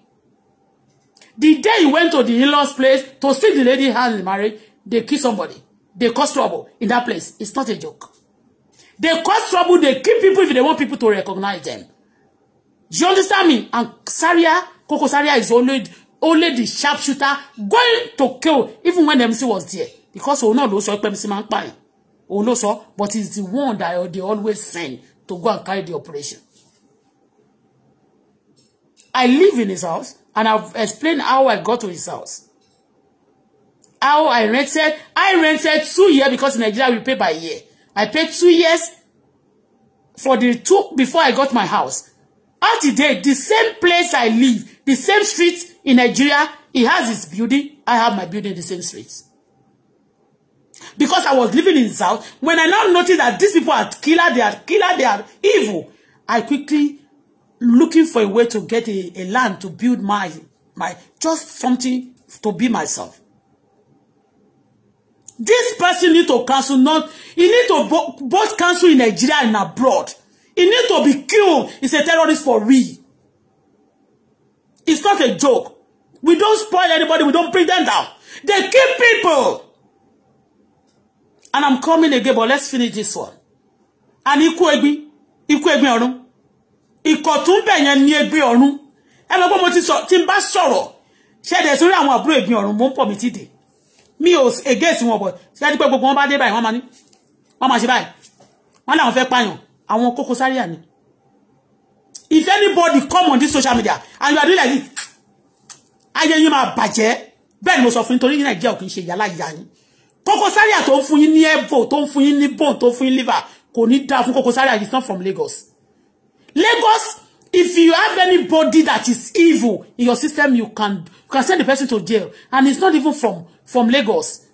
The day he went to the in-laws place to see the lady hand in marriage, they kill somebody. They cause trouble in that place. It's not a joke. They cause trouble, they kill people if they want people to recognize them. Do You understand me? And Saria, Koko Saria is only, only the sharpshooter going to kill, even when MC was there. Because òun náà ló sọ pé MC máa ń pààyàn. Òun but it's the one that they always send to go and carry the operation. I live in his house and I've explained how I got to his house. How I rented, I rented two years because in Nigeria we pay by year. I paid two years for the two before I got my house. Out today, the same place I live, the same street in Nigeria, he has his building, I have my building in the same street. Because I was living in South, when I now noticed that these people are killer, they are killer, they are evil, I quickly looking for a way to get a, a land to build my my just something to be myself. This person need to cancel not he need to bo both cancel in Nigeria and abroad. He need to be killed. He's a terrorist for real. It's not a joke. We don't spoil anybody. We don't bring them down. They kill people. And I'm coming again, but let's finish this one. And Ikú Egbin, Ikú Egbin Ọ̀run ìkọ̀tún bẹ̀ yẹn ní egbin ọ̀run ẹ pé mo ti sọ tí n bá sọ̀rọ̀ ṣẹ́dẹ̀ sórí àwọn àbúrò egbin ọ̀run mo ń pọ̀ mi ti dè mi ò ègé sí wọn bọ̀ ṣáájú pé gbogbo wọn bá dé báyìí wọ́n máa ní wọ́n máa ṣe báyìí wọ́n láwọn fẹ́ pààyàn àwọn Koko Zaria ni if anybody come on this social media and you are doing like this ayé yín máa bàjẹ́ bẹ́ẹ̀ ni mo sọ fún yín torí ní Nàìjíríà ò kì í ṣe ìyálà ìyá yín Koko Zaria tó ń fún yín ní evo tó fún yín ní bone tó fún yín liver kò ní dáa fún Koko Zaria is not from Lagos Lagos, if you have anybody that is evil in your system, you can you can send the person to jail. And it's not even from from Lagos.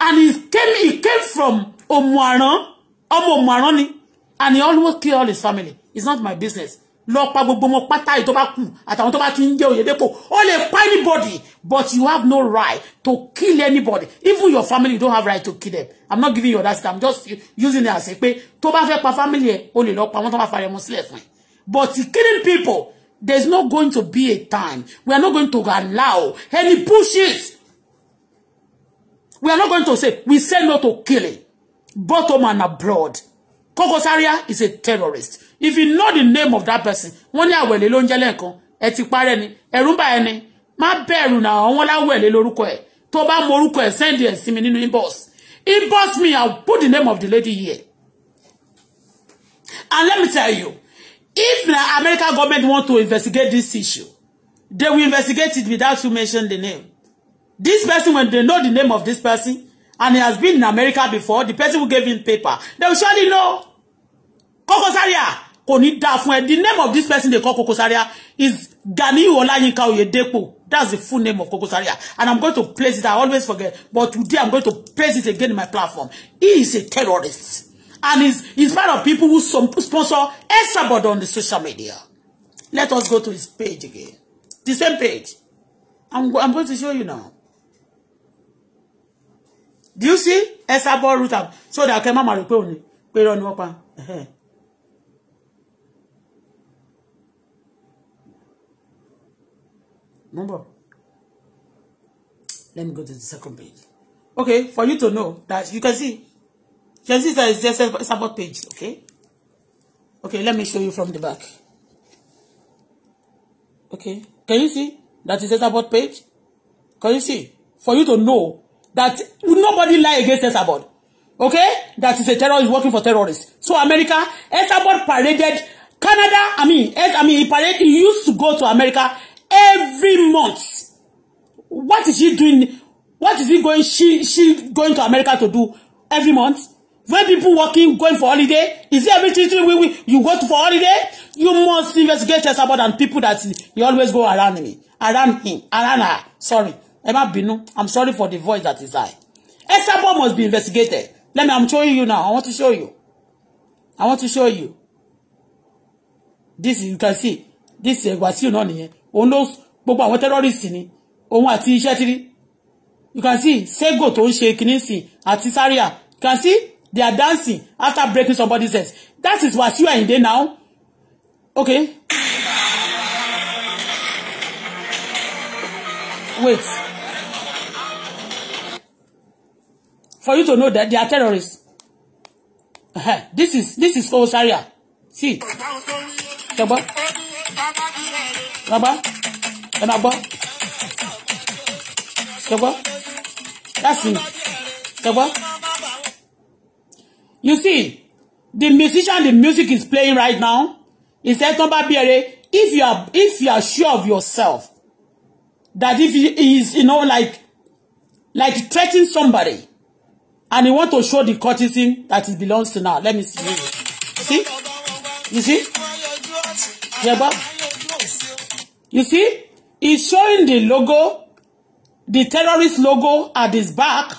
And it came he came from Omuaran, Omo Omuaran, and he almost killed all his family. It's not my business lọ pa gbogbo ọmọ pátá yìí tó bá kù àtàwọn tó bá ti ń jẹ Oyèdépò ó lè pa anybody but you have no right to kill anybody even your family you don't have right to kill them i'm not giving you that scam just using it as a pé tó bá fẹ́ pa family ẹ̀ ó lè lọ pa wọ́n tó bá fara ẹmu sílẹ̀ fún ẹ but killing people there's not going to be a time we are not going to allow any pushes we are not going to say we say no to killing both home and abroad Koko is a terrorist. If you know the name of that person, wọ́n ní àwẹ̀lé ló ń jẹ́ lẹ́ẹ̀kan, ẹ ti parẹ́ ni, ẹ̀rù ń bà ẹni, má bẹ̀rù nà wọ́n láwẹ̀lé lórúkọ ẹ̀. Tó bá mọ orúkọ send ẹ̀ sí mi inbox. Inbox me, I'll put the name of the lady here. And let me tell you, if the American government want to investigate this issue, they will investigate it without you mention the name. This person, when they know the name of this person, and he has been in America before, the person who gave him paper, they will surely know. Kokosaria Zaria, The name of this person they call Kokosaria is Ganiyu Olayinka Oyedepo. That's the full name of Kokosaria. And I'm going to place it. I always forget. But today I'm going to place it again in my platform. He is a terrorist. And he's, he's part of people who sponsor Esabod on the social media. Let us go to his page again. The same page. I'm, I'm going to show you now do you see ẹ sábọ root up. so that kẹ mama máa rò pé òní pé irọ́ ni wọ́n pa. Remember, let me go to the second page. Okay, for you to know that you can see, can see that it's just a support page. Okay, okay, let me show you from the back. Okay, can you see that is a support page? Can you see? For you to know that nobody lie against Esabod. Okay? That is a terrorist working for terrorists. So America, Esabod paraded Canada, I mean, es, I mean, he, paraded, he used to go to America every month. What is she doing? What is he going, she, she going to America to do every month? When people working, going for holiday, is it every three, three week, you go to for holiday? You must investigate Esabod and people that he always go around me, around him, around her, sorry ẹ má i'm sorry for the voice that is high Esabod must be investigated let me i'm showing you now i want to show you i want to show you this you can see this is eh, Wasiu náà nìyẹn on those gbogbo àwọn terrorists ni òun àti iṣẹ́ tiri you can see sego to shake, ṣe kìíní sìn àti Zaria you can see they are dancing after breaking somebody's head that is what you are in there now okay wait. for you to know that they are terrorists. Uh-huh. This is this is Osaria. See. Baba. Baba. And Baba. Baba. That's him. Baba. You see, the musician, the music is playing right now. He said, Tomba Bere, if you are if you are sure of yourself, that if he is, you know, like like threatening somebody, And he want to show the courtesy that it belongs to now. Let me see. See? You see? Yeah, you see? He's showing the logo, the terrorist logo at his back,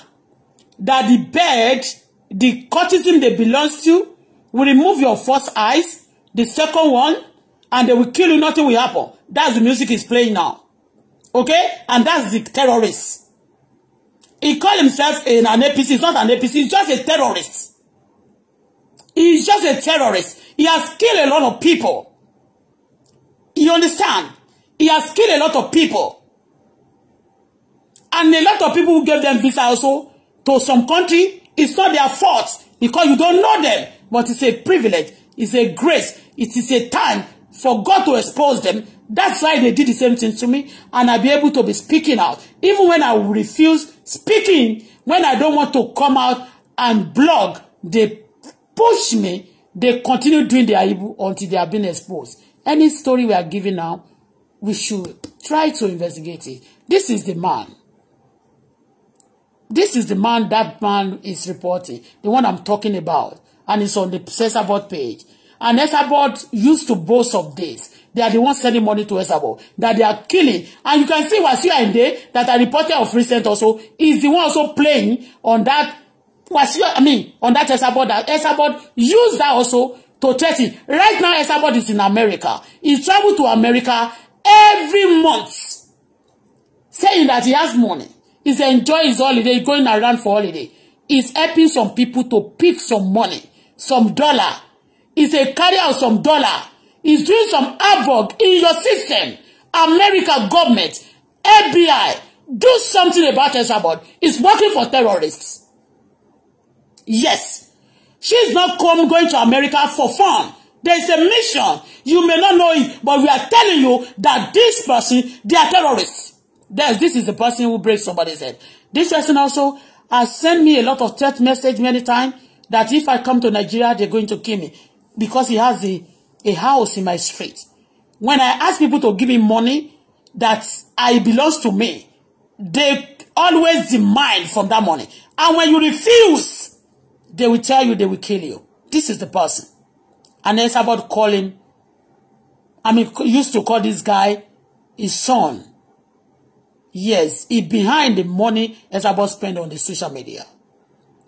that the bed, the courtesy they belongs to, will remove your first eyes, the second one, and they will kill you, nothing will happen. That's the music he's playing now. Okay? And that's the terrorists. He called himself an, an APC. He's not an APC. He's just a terrorist. He's just a terrorist. He has killed a lot of people. You understand? He has killed a lot of people. And a lot of people who gave them visa also to some country, it's not their fault because you don't know them. But it's a privilege. It's a grace. It is a time for God to expose them. That's why they did the same thing to me. And I'll be able to be speaking out. Even when I refuse speaking when I don't want to come out and blog. They push me. They continue doing their evil until they are being exposed. Any story we are giving now, we should try to investigate it. This is the man. This is the man that man is reporting, the one I'm talking about, and it's on the censor board page. And Esabod used to boast of this. They are the ones sending money to Esabod that they are killing. And you can see Wasiu Ayinde that I reported of recent also is the one also playing on that Wasiu, I mean, on that Esabod that Esabod used that also to threaten. Right now, Esabod is in America. He traveled to America every month saying that he has money. He's enjoying his holiday, going around for holiday. He's helping some people to pick some money, some dollar is a carrier of some dollar is doing some havoc in your system America government FBI do something about El Salvador is working for terrorists yes she is not come going to America for fun there is a mission you may not know it but we are telling you that this person they are terrorists yes this is the person who break somebody's head this person also has sent me a lot of text message many times that if I come to Nigeria they're going to kill me because he has a, a house in my street. When I ask people to give me money that I belongs to me, they always demand from that money. And when you refuse, they will tell you they will kill you. This is the person. And it's about calling. I mean, used to call this guy his son. Yes, he behind the money about spend on the social media.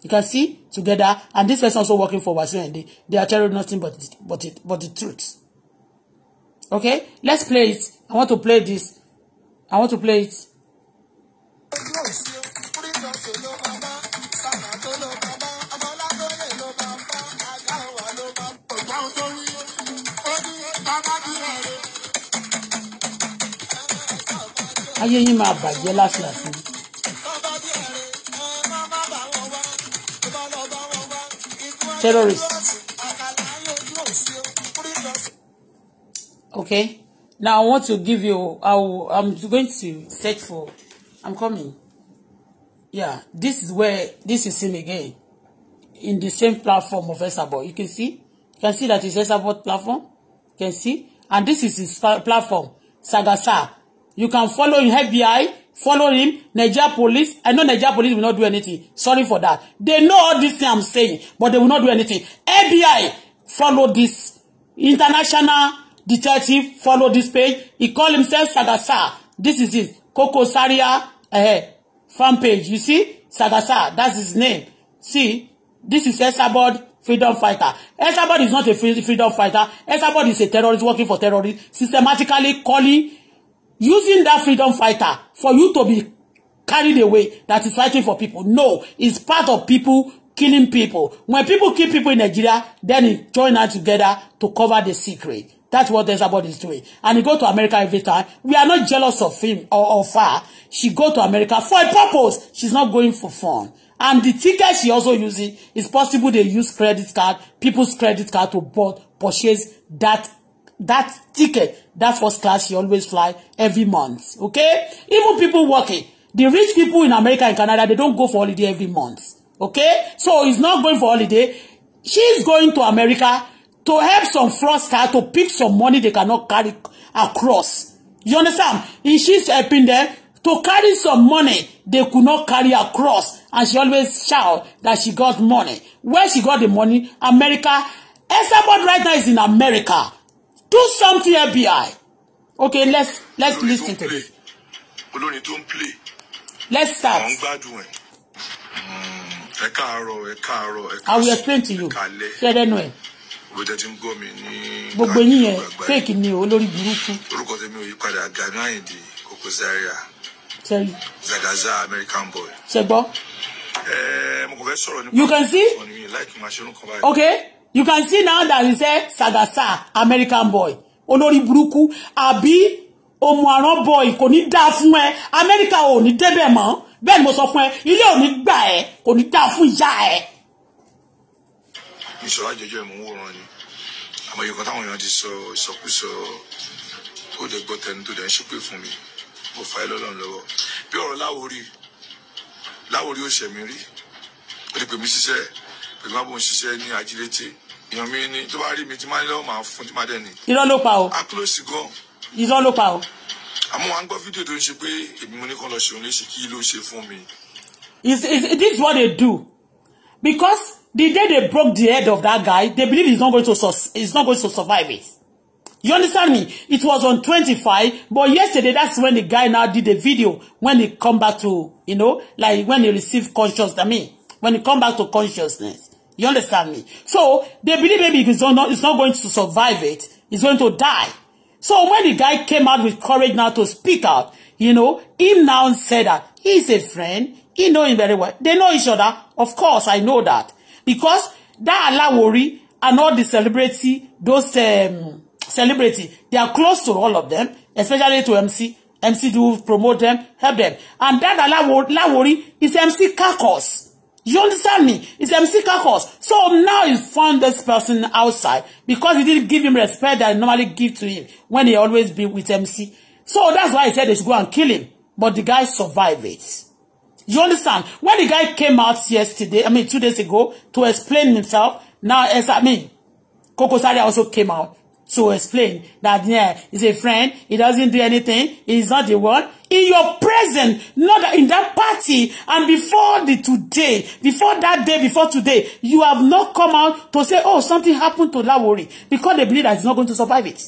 You can see together, and this person also working for Wasiu and they, they are telling nothing but but it, but the truth. Okay, let's play it. I want to play this. I want to play it. ayé yín máa bàjẹ́ lásìlásì. terrorists. Okay, now I want to give you. I will, I'm going to search for. I'm coming. Yeah, this is where this is him again, in the same platform of Esabot. You can see, you can see that it's Esabot platform. You can see, and this is his platform, Sagasa. You can follow in FBI follow him Nigeria police I know Nigeria police will not do anything sorry for that they know all this thing I'm saying but they will not do anything FBI follow this international detective follow this page he call himself Sagasa this is his Koko Zaria uh, eh, fan page you see Sagasa that's his name see this is Esabod freedom fighter Esabod is not a freedom fighter Esabod is a terrorist working for terrorists systematically calling using that freedom fighter for you to be carried away that is fighting for people. No, it's part of people killing people. When people kill people in Nigeria, then he join us together to cover the secret. That's what Desabod is doing. And he go to America every time. We are not jealous of him or of her. She go to America for a purpose. She's not going for fun. And the ticket she also using, it's possible they use credit card, people's credit card to bought, purchase that that ticket, that first class she always fly every month. Okay? Even people working, the rich people in America and Canada, they don't go for holiday every month. Okay? So he's not going for holiday. She's going to America to help some fraudster to pick some money they cannot carry across. You understand? And she's helping them to carry some money they could not carry across. And she always shout that she got money. Where she got the money? America. Esabod right now is in America do something FBI okay let's let's listen to this. olórin tó play. let's start. àwọn gbádùn ẹ hmm, ẹ káàárọ̀ ẹ káàárọ̀ ẹ káàárọ̀ I will explain to you ṣe that ẹ. gbogbo yín yẹn fake ni olórí burúkú. orúkọ tèmi ò padà Gani Àyìndé Koko Zaria. sẹ́yìn. Zagaza American boy. ṣe gbọ́. Eh, mo kàn fẹ́ sọ̀rọ̀ nípa. you can see. okay you can see now that he say sadasa American boy olórí burúkú Abi ọmọ àrán boy kò ní dáa fún ẹ Amẹ́ríkà ò ní débẹ̀ mọ́ bẹ́ẹ̀ ni mo sọ fún ẹ ilé ò ní gbà ẹ kò ní dáa fún ìyá ẹ. ìṣòro àjọjọ ìmú wòran ni àmọ́ yorùbá táwọn èèyàn ti sọ ìsọkúsọ tó dé gbọ́ tẹnu tó dé ń ṣépè fún mi mo fà á lọ́lọ́run lọ́wọ́ bí ọ̀rọ̀ láwórí láwórí ò ṣẹ̀mí rí ó ti pè mí ṣiṣẹ́ pè má bò ń ṣiṣẹ́ ní ajílété èèyàn mi ni tó bá rí mi tí máa ń lọ́wọ́ máa fún tí máa dẹ̀ ni. irọ́ ló pa o. akúlòsì gan. irọ́ ló pa o. àmọ́ wa ń gbọ́ fídíò tó ń ṣe pé èmi mo ní kàn lọ ṣeun léṣe kí ló ṣe fún mi. is is this what they do because the day they broke the head of that guy they believe he's not going to sus he's not going to survive it. You understand me? It was on twenty five, but yesterday, that's when the guy now did the video, when he come back to, you know, like when he received consciousness, I mean, when he come back to consciousness. You understand me? So they believe maybe it's not, it's not going to survive it. It's going to die. So when the guy came out with courage now to speak out, you know, him now said that he's a friend. He know him very well. They know each other. Of course, I know that. Because that Alawori and all the celebrity, those um, celebrity, they are close to all of them, especially to MC. MC do promote them, help them. And that Alawori is MC Kakos. You understand me? It's MC Kakos. So now he found this person outside because he didn't give him respect that I normally give to him when he always be with MC. So that's why he said they should go and kill him. But the guy survived it. You understand? When the guy came out yesterday, I mean two days ago, to explain himself, now, as I mean, Koko Sari also came out to explain that yeah, he's a friend, he doesn't do anything, he's not the one. In your present, not in that party, and before the today, before that day, before today, you have not come out to say, oh, something happened to Lawori, because they believe that he's not going to survive it.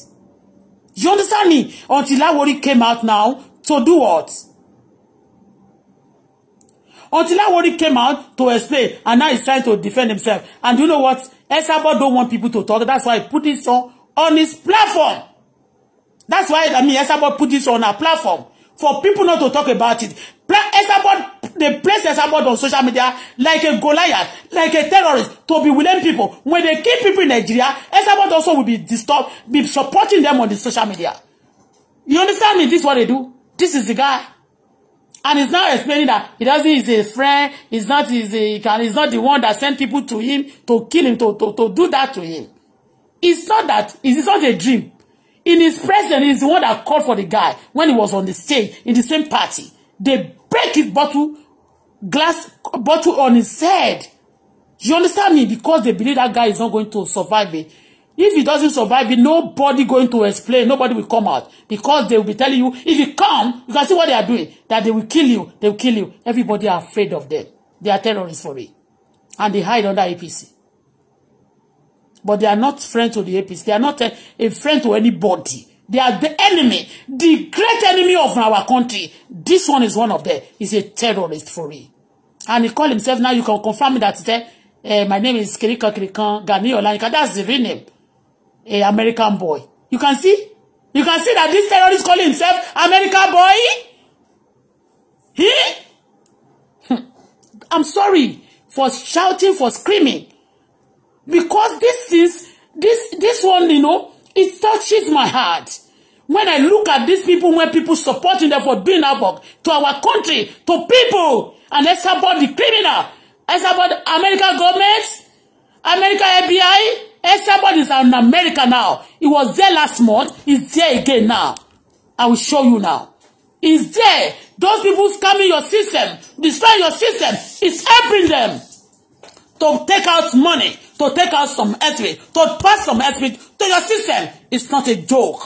You understand me? Until Lawori came out now to do what? Until Lawori came out to explain, and now he's trying to defend himself. And you know what? Esabod don't want people to talk. That's why he put this on on his platform. That's why, I mean, Esabod put this on our platform for people not to talk about it. Esabod, they place Esabod on social media like a Goliath, like a terrorist to be willing people. When they kill people in Nigeria, Esabod also will be disturbed, be supporting them on the social media. You understand me? This is what they do. This is the guy. And he's now explaining that he doesn't, he's a friend, he's not, he's, a, he's not the one that sent people to him to kill him, to, to, to do that to him. It's not that, it's not a dream. In his presence, he's the one that called for the guy when he was on the stage in the same party. They break his bottle, glass bottle on his head. You understand me? Because they believe that guy is not going to survive it. If he doesn't survive it, nobody going to explain. Nobody will come out because they will be telling you, if you come, you can see what they are doing, that they will kill you, they will kill you. Everybody are afraid of them. They are terrorists for me. And they hide under APC. But they are not friends to the APC. They are not a, a friend to anybody. They are the enemy, the great enemy of our country. This one is one of them. He's a terrorist for real. And he called himself, now you can confirm that today, uh, eh, my name is Kirika Kirikan Gani Olayinka. That's the real name. A American boy. You can see? You can see that this terrorist calling himself American boy? He? *laughs* I'm sorry for shouting, for screaming because this things this this one you know it touches my heart when I look at these people when people supporting them for doing havoc to our country to people and let's about the criminal let's about the American government American FBI Esabod is in America now. He was there last month. He's there again now. I will show you now. He's there. Those people scamming your system, destroying your system, it's helping them to take out money, to take out some spirit, to pass some spirit to your system. is not a joke.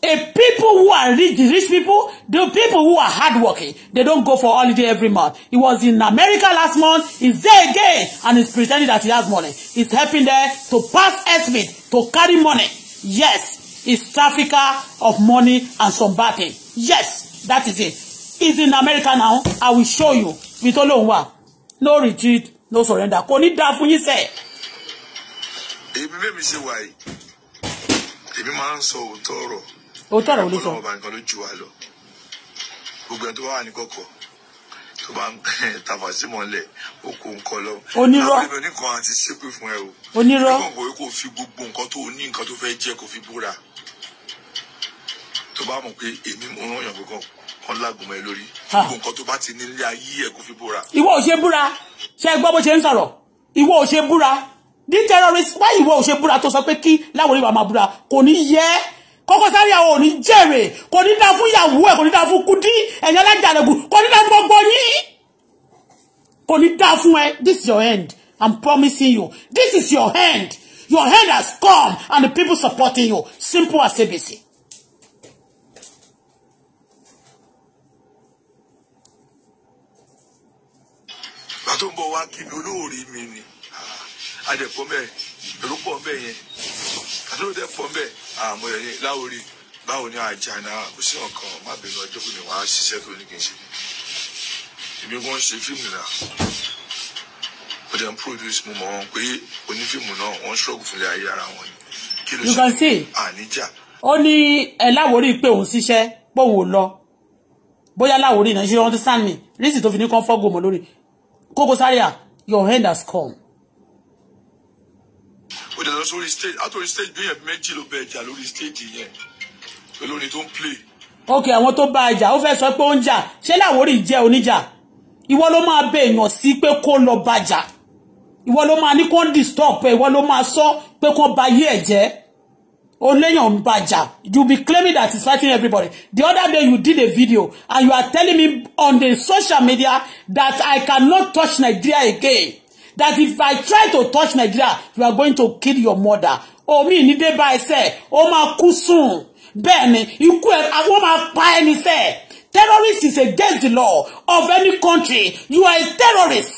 A people who are rich, rich people, the people who are hardworking, they don't go for holiday every month. He was in America last month, he's there again, and he's pretending that he has money. He's helping there to pass estimate, to carry money. Yes, he's trafficker of money and some batting. Yes, that is it. He's in America now. I will show you. With Olonwa. No retreat, no surrender kò ní dáa fún yín sẹ. èmi bẹ́ẹ̀ mi ṣe wà yìí èmi máa ń sọ òótọ́ ọ̀rọ̀ òótọ́ ọ̀rọ̀ ló sọ ọ̀pọ̀lọpọ̀ nǹkan ló ju wa lọ gbogbo ẹ̀ tó bá wà ní kọ̀kọ̀ tó bá ń *laughs* tàfà sí mọ́lẹ̀ ó kó nǹkan lọ. onírọ́ àwọn ẹgbẹ́ oníkan àti ṣépè fún ẹ o. onírọ́ nígbà wo kò fi gbogbo nǹkan tó ní nǹkan tó fẹ́ jẹ́ kò fi búra tó bá mọ̀ pé èmi mo rán yàn kankan kan lágùnmọ̀ ẹ lórí gbogbo nǹkan tó bá ti nílé ayé ẹ kó fi búra. ìwọ ò ṣe búra ṣe gbọ́ bó ṣe ń sọ̀rọ̀ ìwọ ò ṣe búra ní terrorist wá ìwọ ò ṣe búra tó sọ pé kí láwọn ìwà máa búra kò ní yẹ Koko Zaria ò ní jèrè kò ní dá fún ìyàwó ẹ kò ní dá fún Kudi ẹ̀yìn alájàlẹ̀gùn kò ní dá fún gbogbo yín kò ní dá fún ẹ this is your end I'm promising you this is your end your end has come and the people supporting you simple as ABC. tó ń bọ̀ wá kí mi olóòrí mi ni àjẹpọ̀ mẹ́ èrò pọ̀ mẹ́ yẹn àtúntò pọ̀ mẹ́ àmọ́ yẹn láwòrì báwo ni àjà náà kò sí ọ̀kan má bẹ̀rẹ̀ ọjọ́ kò ní wàá ṣiṣẹ́ tó ní kì í ṣe èmi wọ́n ṣe fíìmù náà ó dẹ̀ ń produce mo mọ̀ wọn pé onífíìmù náà wọ́n ṣọ́ọ̀gù fúnlẹ̀ ayé ara wọn kí ló ṣe àníjà. ó ní ẹ láwòrì pé òun ṣiṣẹ́ pòun lọ bóyá láwòrì náà ṣe wọ́n ti sàn mí rísì tó fi ní kán fọ́gò mọ́ lórí Koko Zaria, your hand has come. ó dàda sórí stage àtòrí stage bí yẹn méjì ló bẹ jà lórí stage yẹn pẹ̀lú orin tó ń play. ok àwọn tó bá a jà ó fẹ́ sọ pé ó ń jà ṣé Láwórì jẹ́ oníjà ìwọ ló máa bẹ èèyàn sí pé kó lọ bàjà ìwọ ló máa ní kó ń disturb ìwọ ló máa sọ pé kó ba yé ẹ jẹ́ o leyan baja you be claiming that it's fighting everybody the other day you did a video and you are telling me on the social media that I cannot touch Nigeria again that if I try to touch Nigeria you are going to kill your mother Oh me, ni de ẹsẹ̀ ó Oh kú kusun, bẹ́ẹ̀ ni ikú ẹ̀ àwọn máa pa ẹni terrorist is against the law of any country you are a terrorist.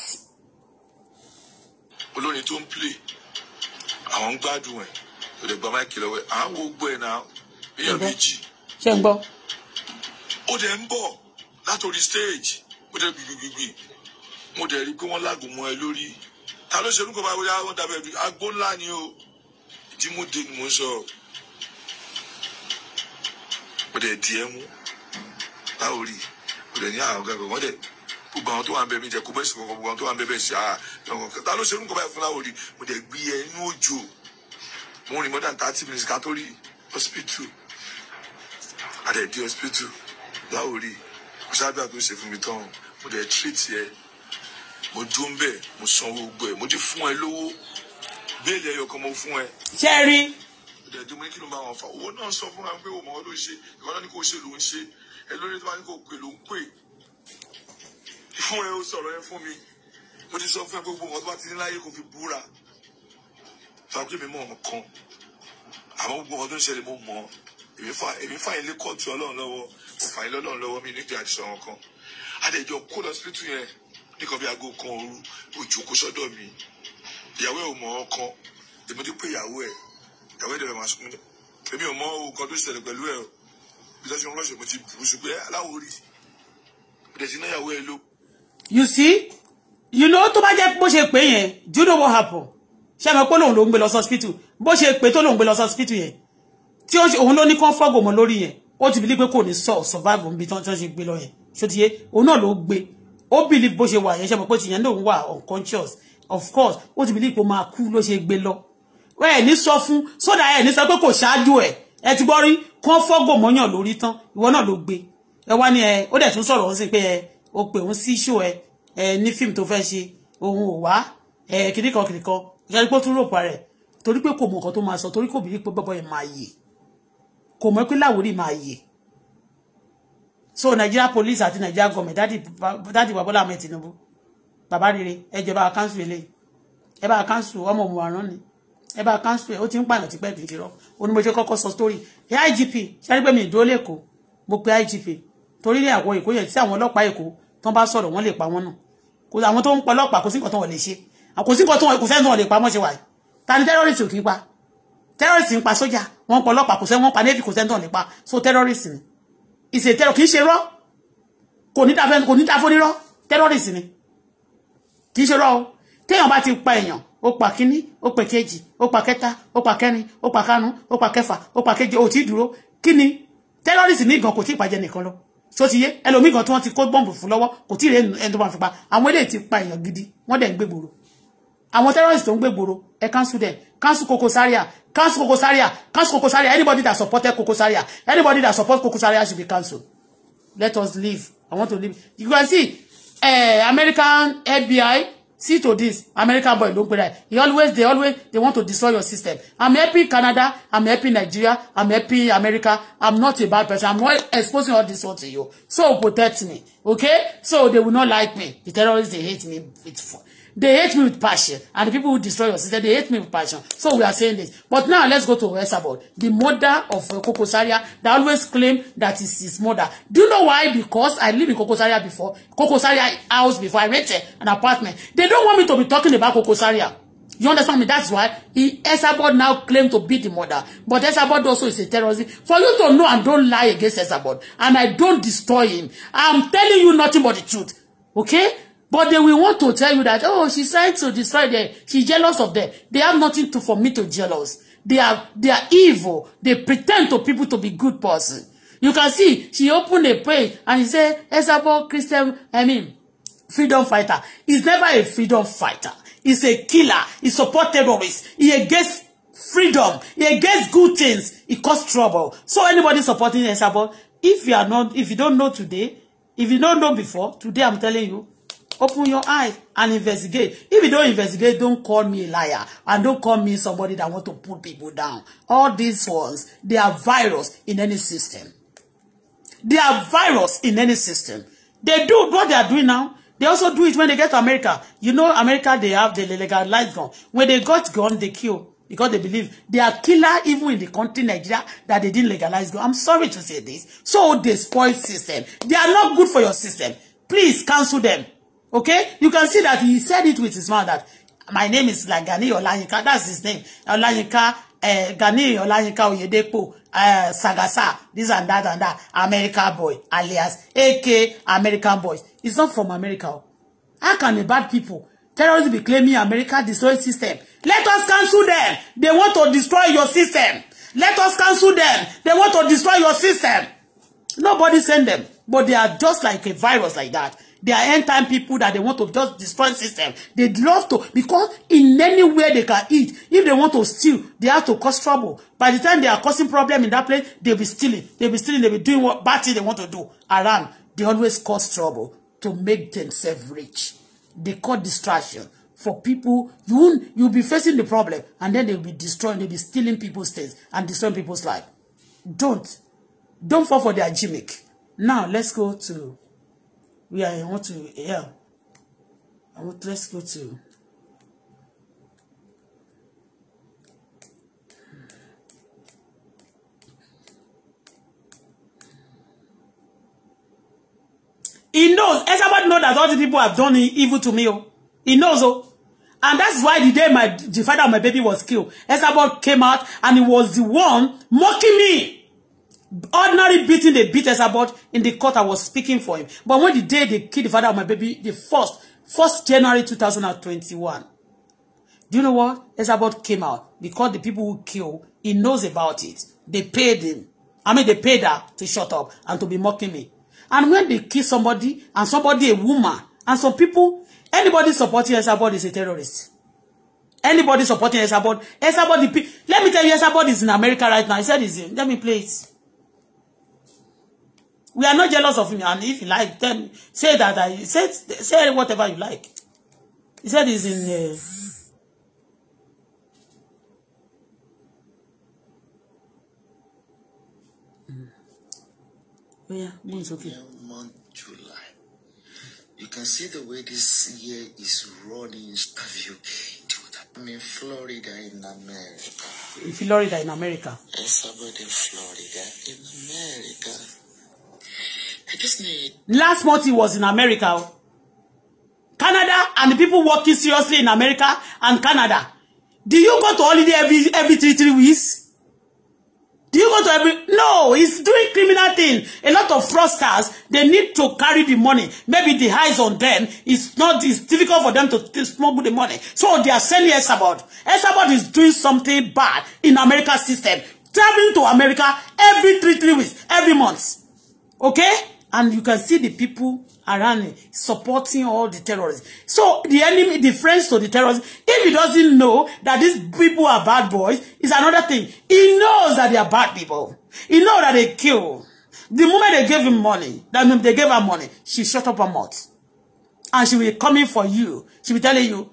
olórin don't play àwọn ń gbádùn ẹ̀ o lè gba máìkì lọ́wọ́ ẹ̀ à ń wo gbọ́ ẹ̀ náà èèyàn méjì. ṣé ń gbọ́. ó dẹ̀ ń bọ̀ látòrí stage ó dẹ̀ gbìgbìgbì mo dẹ̀ rí i pé wọ́n lágùn mọ́ ẹ lórí ta ló ṣe orúkọ bá wọlé àwọn dàbẹ̀ ẹ̀dùn agbó ńlá ni o ìdí mo dé ni mo sọ ó dẹ̀ di ẹ mú báwo rí ó dẹ̀ ní àwọn ah, gàgbọ́ wọ́n gbogbo àwọn tó wà ń bẹ mi jẹ kó bẹ́ẹ̀ sì kọ́kọ́ gbogbo àwọn tó wà ń bẹ bẹ́ẹ̀ sì ah. á ta ló ṣe orúkọ bá fúnra wò rí mo dẹ̀ gbé ẹ inú òjò wọ́n more than thirty minutes ká tó rí hospital àdẹ̀dí hospital láwòrí mo sábà tó ṣe mi tán mo dẹ̀ treat yẹ mo dúró ń mo san owó gbọ́ ẹ̀ mo ti fún ẹ lówó béèlì ẹyọ kan mo fún ẹ. ṣe rí. ìdẹ̀dí mo ní kí ló ń bá wọn fà owó náà sọ fúnra pé òun mọ̀ ọ́ ló ṣe ìkọ́nà ní kò ṣe ló ń ṣe ẹ lórí tó bá ní kò pè ló ń pè fún ẹ ó mi mo ti sọ fún ẹ gbogbo ọ̀tọ́ bá ti ní láyé kò fi búra tàbí mi mọ̀ nǹkan àmọ́ gbogbo ọdún ìṣẹ̀lẹ̀ mo mọ̀ èmi fà ilé kóòtù ọlọ́run lọ́wọ́ mo ilé ọlọ́run lọ́wọ́ mi nídìí àdìsọ wọn kan kó lọ síbítù yẹn nìkan bí aago kan òru òjò kó sọ́dọ̀ mi ìyàwó ẹ̀ ò mọ̀ ọkàn èmi dípò ìyàwó ẹ̀ ìyàwó ẹ̀ dẹ̀ máa sún èmi ò mọ̀ nǹkan tó ṣẹlẹ̀ pẹ̀lú ẹ̀ bí lọ́sẹ̀ wọn lọ́sẹ̀ mo ti bù ú ṣùgbọ́n aláwo rí bẹ̀rẹ̀ sí náyàwó ẹ̀ ló. you see you know tó bá jẹ́ bó ṣe pé yẹn do you know what happen ṣé mo pé lòun ló ń gbé lọ sọ́spítù bó ṣe pé tó lòun gbé lọ sọ́spítù yẹn tí òun ló ní kán fọ́gò mọ́ lórí yẹn ó ti bìlí pé kò ní sọ survive níbi tí wọ́n ṣe gbé lọ yẹn ṣòtìyẹ òun náà ló gbé ó bìlí bó ṣe wà yẹn ṣé mo pé tìyẹn náà wà unconscious of course ó ti bìlí pé ó máa kú ló ṣe gbé lọ ẹ ní sọ fún sódà ẹ ní sọ pé kò ṣáájú ẹ ẹ ti gbọ́ rí kán fọ́gò mọ́yàn lórí tán ìwọ náà ló gbé ẹ wá ní ẹ ó dẹ̀ tún sọ̀rọ̀ ó sì pé ẹ o pè òun kìnnìkan kìnnìkan ìṣàlẹ̀ pé ó tún rògbà rẹ̀ torí pé kò mọ̀ nǹkan tó máa sọ torí kò bí pé bọ́bọ́ yẹn máa yè kò mọ̀ pé Láwórì máa yè so Nigeria police àti Nigeria government dáàdì bàbá làmẹ Tinubu bàbá rere ẹ jẹ bá kánṣu eléyìí ẹ bá kánṣu ọmọ mùwàrán ni ẹ bá kánṣu ẹ ó ti ń pààyàn tipẹ́ kìkì rọ onímọ̀ọ́sẹ̀ kọ́kọ́ sọ story ẹ IGP ṣáájú pé mi ìdúró lẹ́kọ̀ọ́ mo pe IGP torí ní àwọn Èkó yẹn tí àwọn ọlọ́pàá Èkó tán bá sọ̀rọ̀ wọ́n lè pa wọ́n náà àwọn tó ń pa ọlọ́pàá kò sí nǹkan tó wọ́n lè ṣe Ah, kò sí nǹkan tó wọn kò sẹ́ni tó wọn lè pa mọ́ ṣe wà ta ni terrorist ò kì í pa terrorist ń pa sójà wọn pọ̀ ọlọ́pàá kò sẹ́ni wọn pa navy kò sẹ́ni tó wọn lè pa so terrorist ni ìṣe terror kì í ṣe rọ́ kò ní dáfẹ́ kò ní dáfó nírọ́ terrorist ni kì í ṣe rọ́ o téèyàn bá ti pa èèyàn ó pa kínní ó pa kejì ó pa kẹta ó pa kẹrin ó pa kánú ó pa kẹfà ó pa keje ò tí dúró kínní terrorist ní gan kò tí ì pàjẹ́ nìkan lọ so ti yé ẹlòmíì gan tí wọ́n ti kó bọ́ǹbù fún lọ́wọ́ kò tí ì rẹ́ ẹni tó bá fi pa àwọn eléyìí ti pa èèyàn gidi wọ́n dẹ̀ ń gbégbòrò àwọn terrorists tó ń gbègbòrò ẹ cancel them cancel Koko Saria. cancel Koko Saria. cancel Koko Saria. anybody that supported Koko Saria, anybody that support Koko Saria should be cancelled let us leave i want to leave you can see uh, American FBI see to this American boy don pray he always they always they want to destroy your system i'm helping Canada i'm helping Nigeria i'm helping America i'm not a bad person i'm not exposing all this all to you so protect me okay so they will not like me the terrorists they hate me it's fun They hate me with passion. And the people who destroy your sister, they hate me with passion. So we are saying this. But now let's go to Esabod, the mother of uh, Kokosaria that always claim that is his mother. Do you know why? Because I lived in Kokosaria before. Kokosaria house before. I rented an apartment. They don't want me to be talking about Kokosaria. You understand me? That's why he, Esabod now claim to be the mother. But Esabod also is a terrorist. For you to know and don't lie against Esabod. And I don't destroy him. I'm telling you nothing but the truth. Okay? But they will want to tell you that, oh, she's trying to destroy them. She's jealous of them. They have nothing to, for me to jealous. They are, they are evil. They pretend to people to be good person. You can see, she opened a page and she said, Esabod Christian, I mean, freedom fighter. He's never a freedom fighter. He's a killer. He support terrorists. He against freedom. He against good things. He cause trouble. So anybody supporting Esabod, if you are not, if you don't know today, if you don't know before, today I'm telling you, Open your eyes and investigate. If you don't investigate, don't call me a liar. And don't call me somebody that want to put people down. All these ones, they are virus in any system. They are virus in any system. They do what they are doing now. They also do it when they get to America. You know, America, they have the legalized gun. When they got gun, they kill because they believe they are killer even in the country Nigeria that they didn't legalize gun. I'm sorry to say this. So they spoil system. They are not good for your system. Please cancel them. Okay? You can see that he said it with his mouth that my name is like Gani Olayinka. That's his name. Olayinka, uh, eh, Gani Olayinka Oyedepo, uh, Sagasa, this and that and that. America boy, alias AK American boys. He's not from America. Oh. How can the bad people, terrorists be claiming America destroy system? Let us cancel them. They want to destroy your system. Let us cancel them. They want to destroy your system. Nobody send them. But they are just like a virus like that. They are end time people that they want to just destroy system. They love to, because in any way they can eat, if they want to steal, they have to cause trouble. By the time they are causing problem in that place, they'll be stealing. They'll be stealing. They'll be doing what bad thing they want to do around. They always cause trouble to make themselves rich. They call distraction for people you won't you'll be facing the problem and then they'll be destroying they'll be stealing people's things and destroying people's life don't don't fall for their gimmick now let's go to we are, I want to yeah I want let's go to He knows. Everybody knows that all the people have done evil to me. Oh. He knows. Oh. And that's why the day my the father of my baby was killed, Esabod came out and he was the one mocking me ordinary beating they beat us about in the court I was speaking for him. But when the day they killed the father of my baby, the first, first January 2021, do you know what? Ezabot came out because the people who kill, he knows about it. They paid him. I mean, they paid her to shut up and to be mocking me. And when they kill somebody, and somebody a woman, and some people, anybody supporting Ezabot is a terrorist. Anybody supporting Ezabot, Ezabot, let me tell you, Ezabot is in America right now. He said, let me play it. We are not jealous of him. And if you like, then say that. I, say, say whatever you like. He said he's in... Uh, yeah, moon's okay. Month July. You can see the way this year is running. Have you? I'm in Florida in America. In Florida in America. Yes, I'm in Florida in America. I just need. Last month he was in America. Canada and the people working seriously in America and Canada. Do you go to holiday every every three three weeks? Do you go to every no, he's doing criminal thing. A lot of fraudsters, they need to carry the money. Maybe the eyes on them. is not it's difficult for them to smuggle the money. So they are sending Esabod. Esabod is doing something bad in America system. Traveling to America every three three weeks, every month. Okay? and you can see the people around supporting all the terrorists. So the enemy, the friends to the terrorists, if he doesn't know that these people are bad boys, is another thing. He knows that they are bad people. He knows that they kill. The moment they gave him money, that means they gave her money, she shut up her mouth. And she will be coming for you. She will be telling you,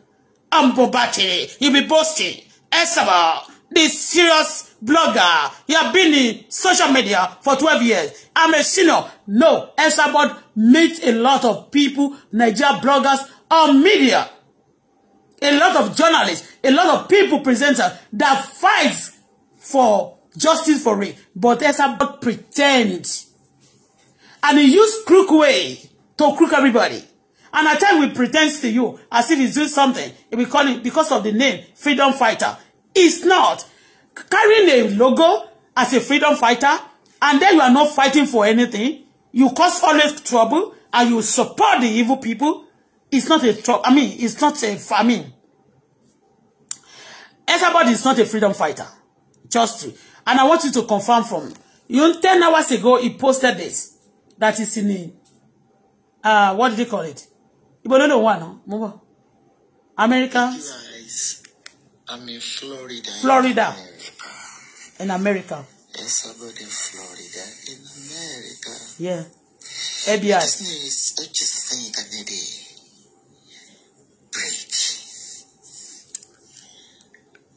I'm Bobati, you'll be boasting. Esaba, this serious blogger. You have been in social media for 12 years. I'm a senior. No, Esabod meets a lot of people, Nigeria bloggers or media. A lot of journalists, a lot of people, presenters that fights for justice for it. But Esabod pretends. And he used crook way to crook everybody. And at times we pretend to you as if he's doing something. We call it because of the name, freedom fighter. It's not carrying a logo as a freedom fighter and then you are not fighting for anything you cause all this trouble and you support the evil people it's not a trouble I mean it's not a famine everybody is not a freedom fighter just and I want you to confirm from you 10 hours ago he posted this that is in the uh what did he call it Ibololo one no move on America I'm in Florida Florida yeah in America. And somebody in Florida in America. Yeah. ABI. I just, need, I just think I need a break.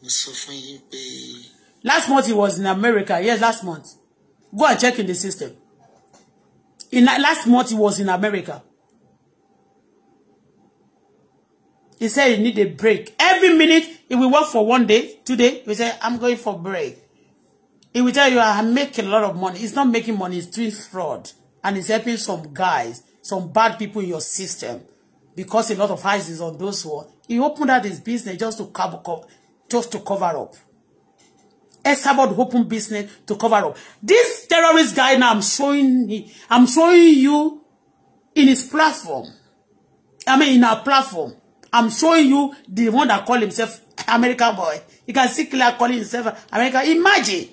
Mo sọ fún yín Last month he was in America. Yes, last month. Go and check in the system. In last month he was in America. He said he need a break. Every minute, he will work for one day, Today He said, I'm going for break. He will tell you, I make a lot of money. He's not making money, he's doing fraud. And he's helping some guys, some bad people in your system. Because a lot of eyes is on those who are. He opened up his business just to cover, just to cover up. Esabod open business to cover up. This terrorist guy now I'm showing I'm showing you in his platform. I mean in our platform. I'm showing you the one that call himself American boy. You can see Claire calling himself American. Imagine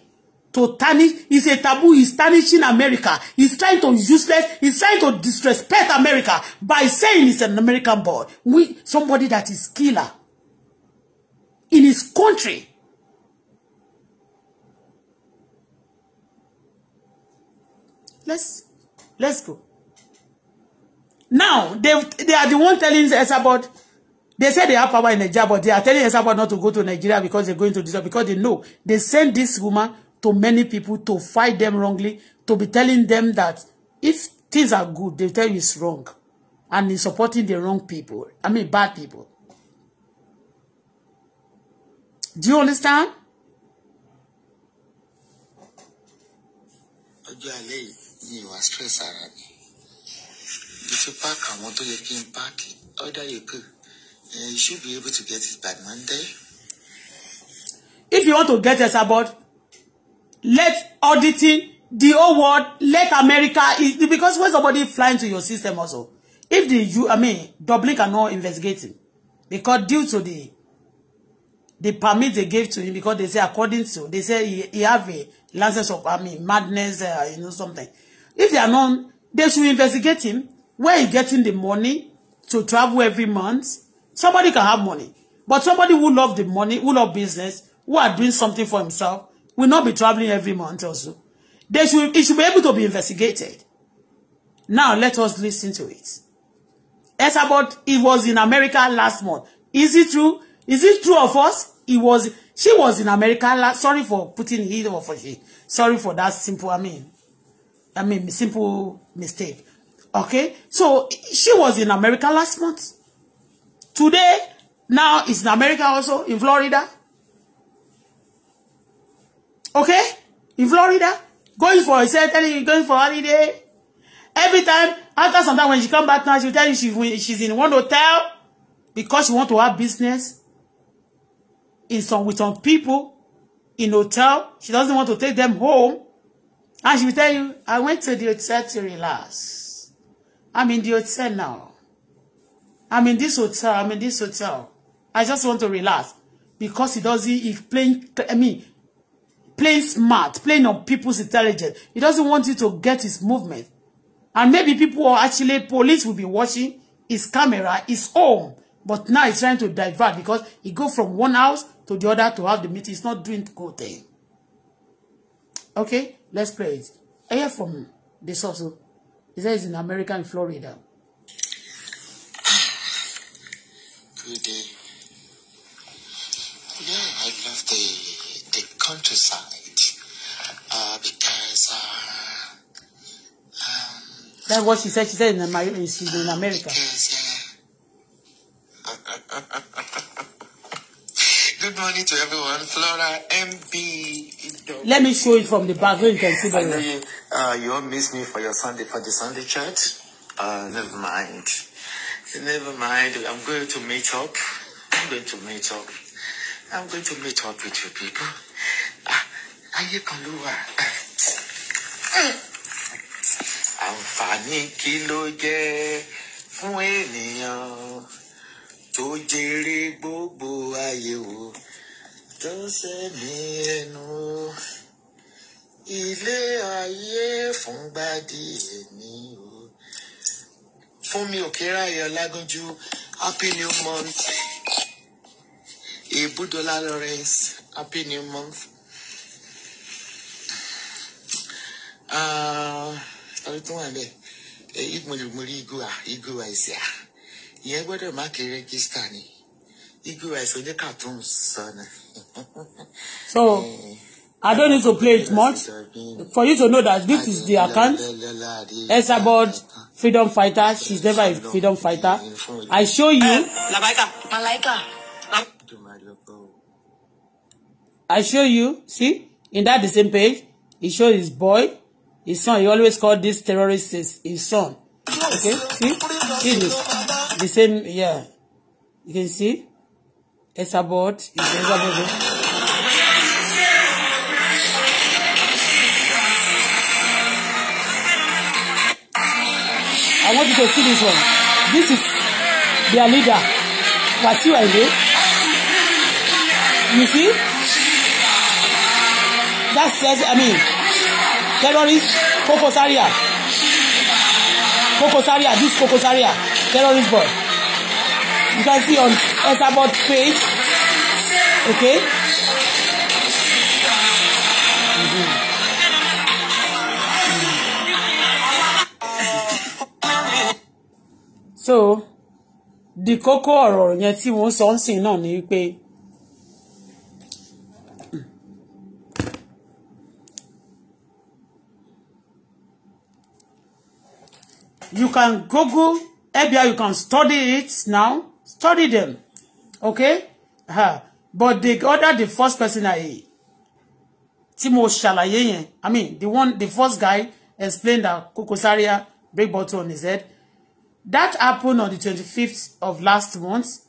to tarnish is a taboo is tarnishing America he's trying to useless he's trying to disrespect America by saying he's an American boy we somebody that is killer in his country let's let's go now they they are the one telling Esabod they say they have power in Nigeria but they are telling Esabod not to go to Nigeria because they're going to this because they know they send this woman to many people to fight them wrongly, to be telling them that if things are good, they tell you it's wrong. And in supporting the wrong people. I mean, bad people. Do you understand? If you want to get a sabot let auditing the whole world, let America, it, because when somebody fly into your system also, if the you, I mean, Dublin cannot investigate him, because due to the the permit they gave to him, because they say according to, they say he, he have a license of, I mean, madness, uh, you know, something. If they are known, they should investigate him. Where he getting the money to travel every month? Somebody can have money, but somebody who love the money, who love business, who are doing something for himself, will not be traveling every month or so. They should, it should be able to be investigated. Now, let us listen to it. about it was in America last month. Is it true? Is it true of us? It was, she was in America last, sorry for putting he over for she. Sorry for that simple, I mean, I mean, simple mistake. Okay? So, she was in America last month. Today, now is in America also, in Florida. Okay? In Florida, going for a telling you going for holiday. Every time, after some time when she come back now, she will tell you she, she's in one hotel because she want to have business in some with some people in hotel. She doesn't want to take them home. And she will tell you, I went to the hotel to relax. I'm in the hotel now. I'm in this hotel. I'm in this hotel. I just want to relax. Because he doesn't, he playing, I mean, playing smart, playing on people's intelligence. He doesn't want you to get his movement. And maybe people are actually, police will be watching his camera, his home. But now he's trying to divert because he go from one house to the other to have the meeting. He's not doing good thing. Okay, let's play it. I hear from this also. He says in America, in Florida. Good day. Yeah, I love the the countryside uh, because uh, um, that's what she said. She said in America, she's in America. Because, uh, uh, uh, uh, Good morning to everyone, Flora MB. Let me show it from the back so you can see better. You, uh, you all miss me for your Sunday for the Sunday chat. Uh, never mind. Never mind. I'm going to meet up. I'm going to meet up. I'm going to meet up with you people ayé kan ló wà. àǹfààní kí ló jẹ́ fún ènìyàn tó jèrè gbogbo ayé o tó sẹ́mi ẹnu ilé ayé fúngbà díẹ̀ ni o. fún mi òkè ráyọ lágúnjú happy new month ibùdó lálọ́rẹ́sì happy new month. Ah, ọ̀rẹ́ tó wà lẹ̀ èyí mo lè mo à igu à ìyẹn gbọ́dọ̀ má kí rẹ́gísítà ni igu àìsí oní cartoon sọ ni. *laughs* so eh, I don't need to play it much for you to know that this is the account Esabod freedom fighter she's never a freedom fighter I show you. Eh, I show you see in that the same page he show his boy his son he always call these terrorists his, son okay see see this the same yeah you can see it's It's is Esabod. I want you to see this one. This is their leader, What Wasiu Ayinde. You see? That says, I mean, terrorist Koko Zaria Koko Zaria this Koko Zaria terrorist boy you can see on Esabod page okay. so the kókó ọ̀rọ̀ yẹn tí wọ́n sọ ń sìn náà ni wípé you can google FBI you can study it now study them okay uh, but the other the first person I tí mo ṣàlàyé I mean the one the first guy explained that kokosaria Zaria break bottle on his head that happened on the 25th of last month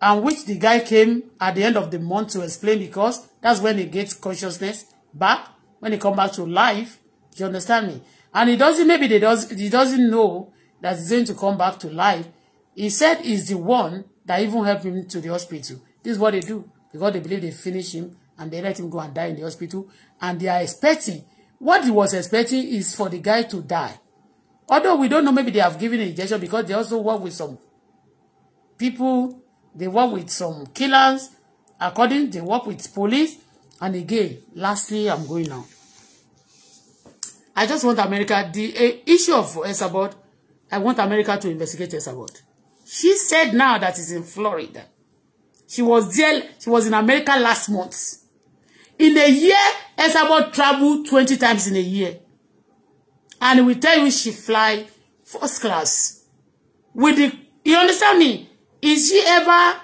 and which the guy came at the end of the month to explain because that's when he gets consciousness back when he come back to life you understand me and he doesn't maybe they does he doesn't know that he's going to come back to life he said he's the one that even helped him to the hospital this is what they do because they believe they finish him and they let him go and die in the hospital and they are expecting what he was expecting is for the guy to die although we don't know maybe they have given an injection because they also work with some people they work with some killers according they work with police and again lastly i'm going now I just want America, the eh, issue of Esabod, I want America to investigate Esabod. She said now that it's in Florida. She was there, she was in America last month. In a year, Esabod traveled 20 times in a year. And we tell you she fly first class. With the, you understand me? Is she ever,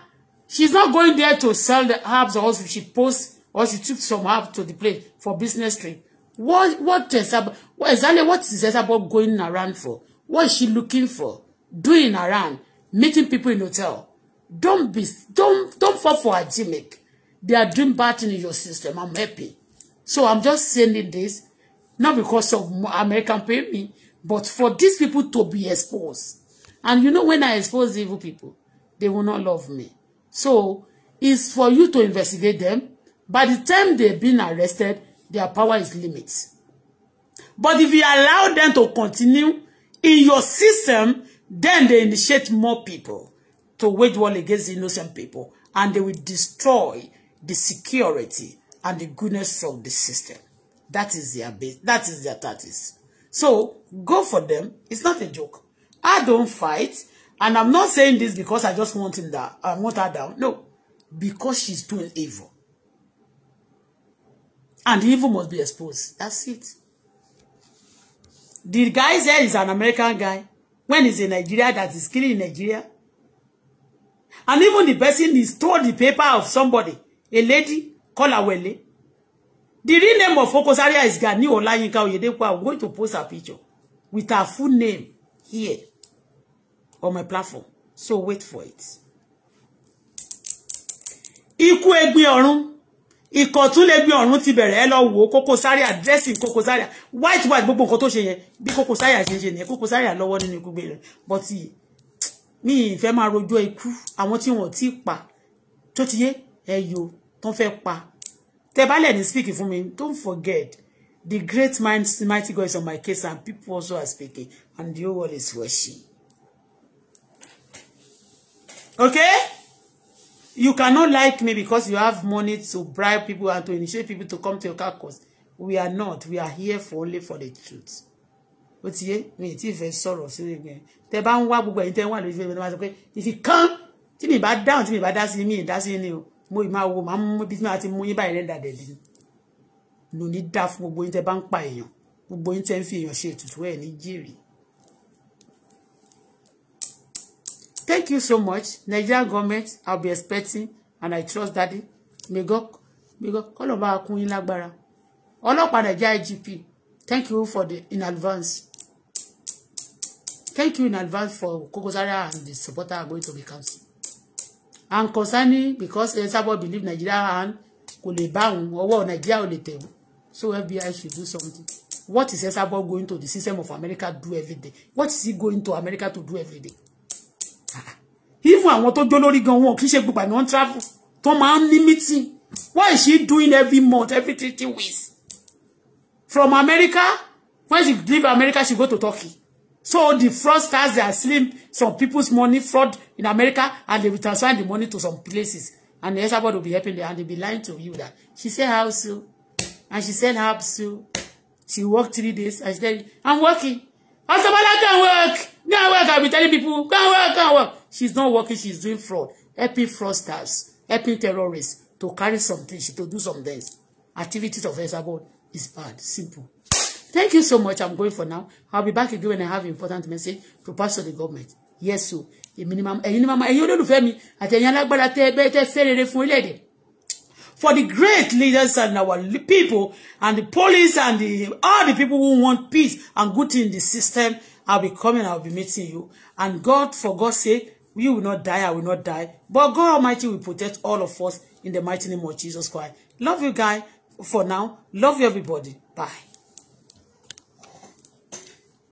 she's not going there to sell the herbs or she posts or she took some herbs to the place for business trip. What what is about, exactly what is about going around for? What is she looking for? Doing around, meeting people in hotel. Don't be don't don't fall for a gimmick. They are doing bad in your system. I'm happy. So I'm just sending this, not because of American pay me, but for these people to be exposed. And you know when I expose evil people, they will not love me. So it's for you to investigate them. By the time they've been arrested, Their power is limited. But if you allow them to continue in your system, then they initiate more people to wage war against innocent people. And they will destroy the security and the goodness of the system. That is their base. That is their tactics. So go for them. It's not a joke. I don't fight. And I'm not saying this because I just want him that I want her down. No. Because she's doing evil and the evil must be exposed. That's it. The guy there is an American guy. When he's in Nigeria, that is killing Nigeria. And even the person is stole the paper of somebody, a lady called Awele. The real name of Okosaria is Gani Olayinka Oyedepo. I'm going to post her picture with her full name here on my platform. So wait for it. Iku ẹgbin ọ̀run ìkọ̀tún lè gbé ọ̀run ti bẹ̀rẹ̀ ẹ lọ wò ó Koko Zaria dressing Koko Zaria white white gbogbo nǹkan tó ṣe yẹn bí Koko Zaria ṣe ń ṣe nìyẹn Koko Zaria lọ́wọ́ nínú ikú gbé rẹ̀ but eh, mi ìfẹ́ máa rojọ́ ikú àwọn tí wọ́n ti pa tó ti yé ẹyọ tó ń fẹ́ pa tẹ bá lẹ̀ speak fún mi don't forget the great mind mighty God is on my case and people also are speaking and the whole world is watching okay you cannot like me because you have money to bribe people and to initiate people to come to your caucus we are not we are here for only for the truth But ti yé mi ti fẹ́ sọ̀rọ̀ sórí ẹgbẹ́ tẹ́ bá ń wá gbogbo ẹ̀yin tẹ́ ń wà lórí fẹẹ máa you pé ìfi kán tí mi bá dáhùn tí mi you. dá sí mi dá sí ni o mo ì wo màá mú bí máa ti mú yín báyìí lẹ́dà dẹ̀dẹ̀ ni lò ní dá fún pa èèyàn gbogbo yín tẹ́ ń fi èèyàn ṣe ètùtù ẹ̀ Thank you so much. Nigerian government, I'll be expecting and I trust daddy. May God, may God, kọ́lọ̀ bá kún All up on the IGP, thank you for the in advance. Thank you in advance for Koko and the supporter are going to be counseling. And concerning because Elizabeth believe Nigeria and kò lè bá òun ọwọ́ Nigeria ò lè tẹ̀wọ́. So FBI should do something. What is Elizabeth going to the system of America do every day? What is he going to America to do every day? even àwọn tó jó lórí gan wọn kì í ṣe gbogbo àná travel tó máa ń ní meeting why is she doing every month every three three weeks from America when she leave America she go to Turkey so the fraudsters they are stealing some people's money fraud in America and they will transfer the money to some places and the expert will be helping them and they be lying to you that she said how so and she said how so she work three days and she said I'm working Auto Bola can work go and work I be telling people go and work go and work she's not working she's doing fraud helping fraudsters helping terrorists to carry something to do some things activities of Hezbollah is bad simple thank you so much i'm going for now i'll be back again when i have important message to pass to the government yes o èmi ni mama ẹ̀yin ni mama ẹ̀yin olólùfẹ́ mi àti ẹ̀yin alágbára tẹ́ ẹgbẹ́ tẹ́ fẹ́ rere fún orílẹ̀-èdè for the great leaders and our people and the police and the, all the people who want peace and good in the system i'll be coming i'll be meeting you and god for god's sake We will not die. I will not die. But God Almighty will protect all of us in the mighty name of Jesus Christ. Love you guys for now. Love you everybody. Bye.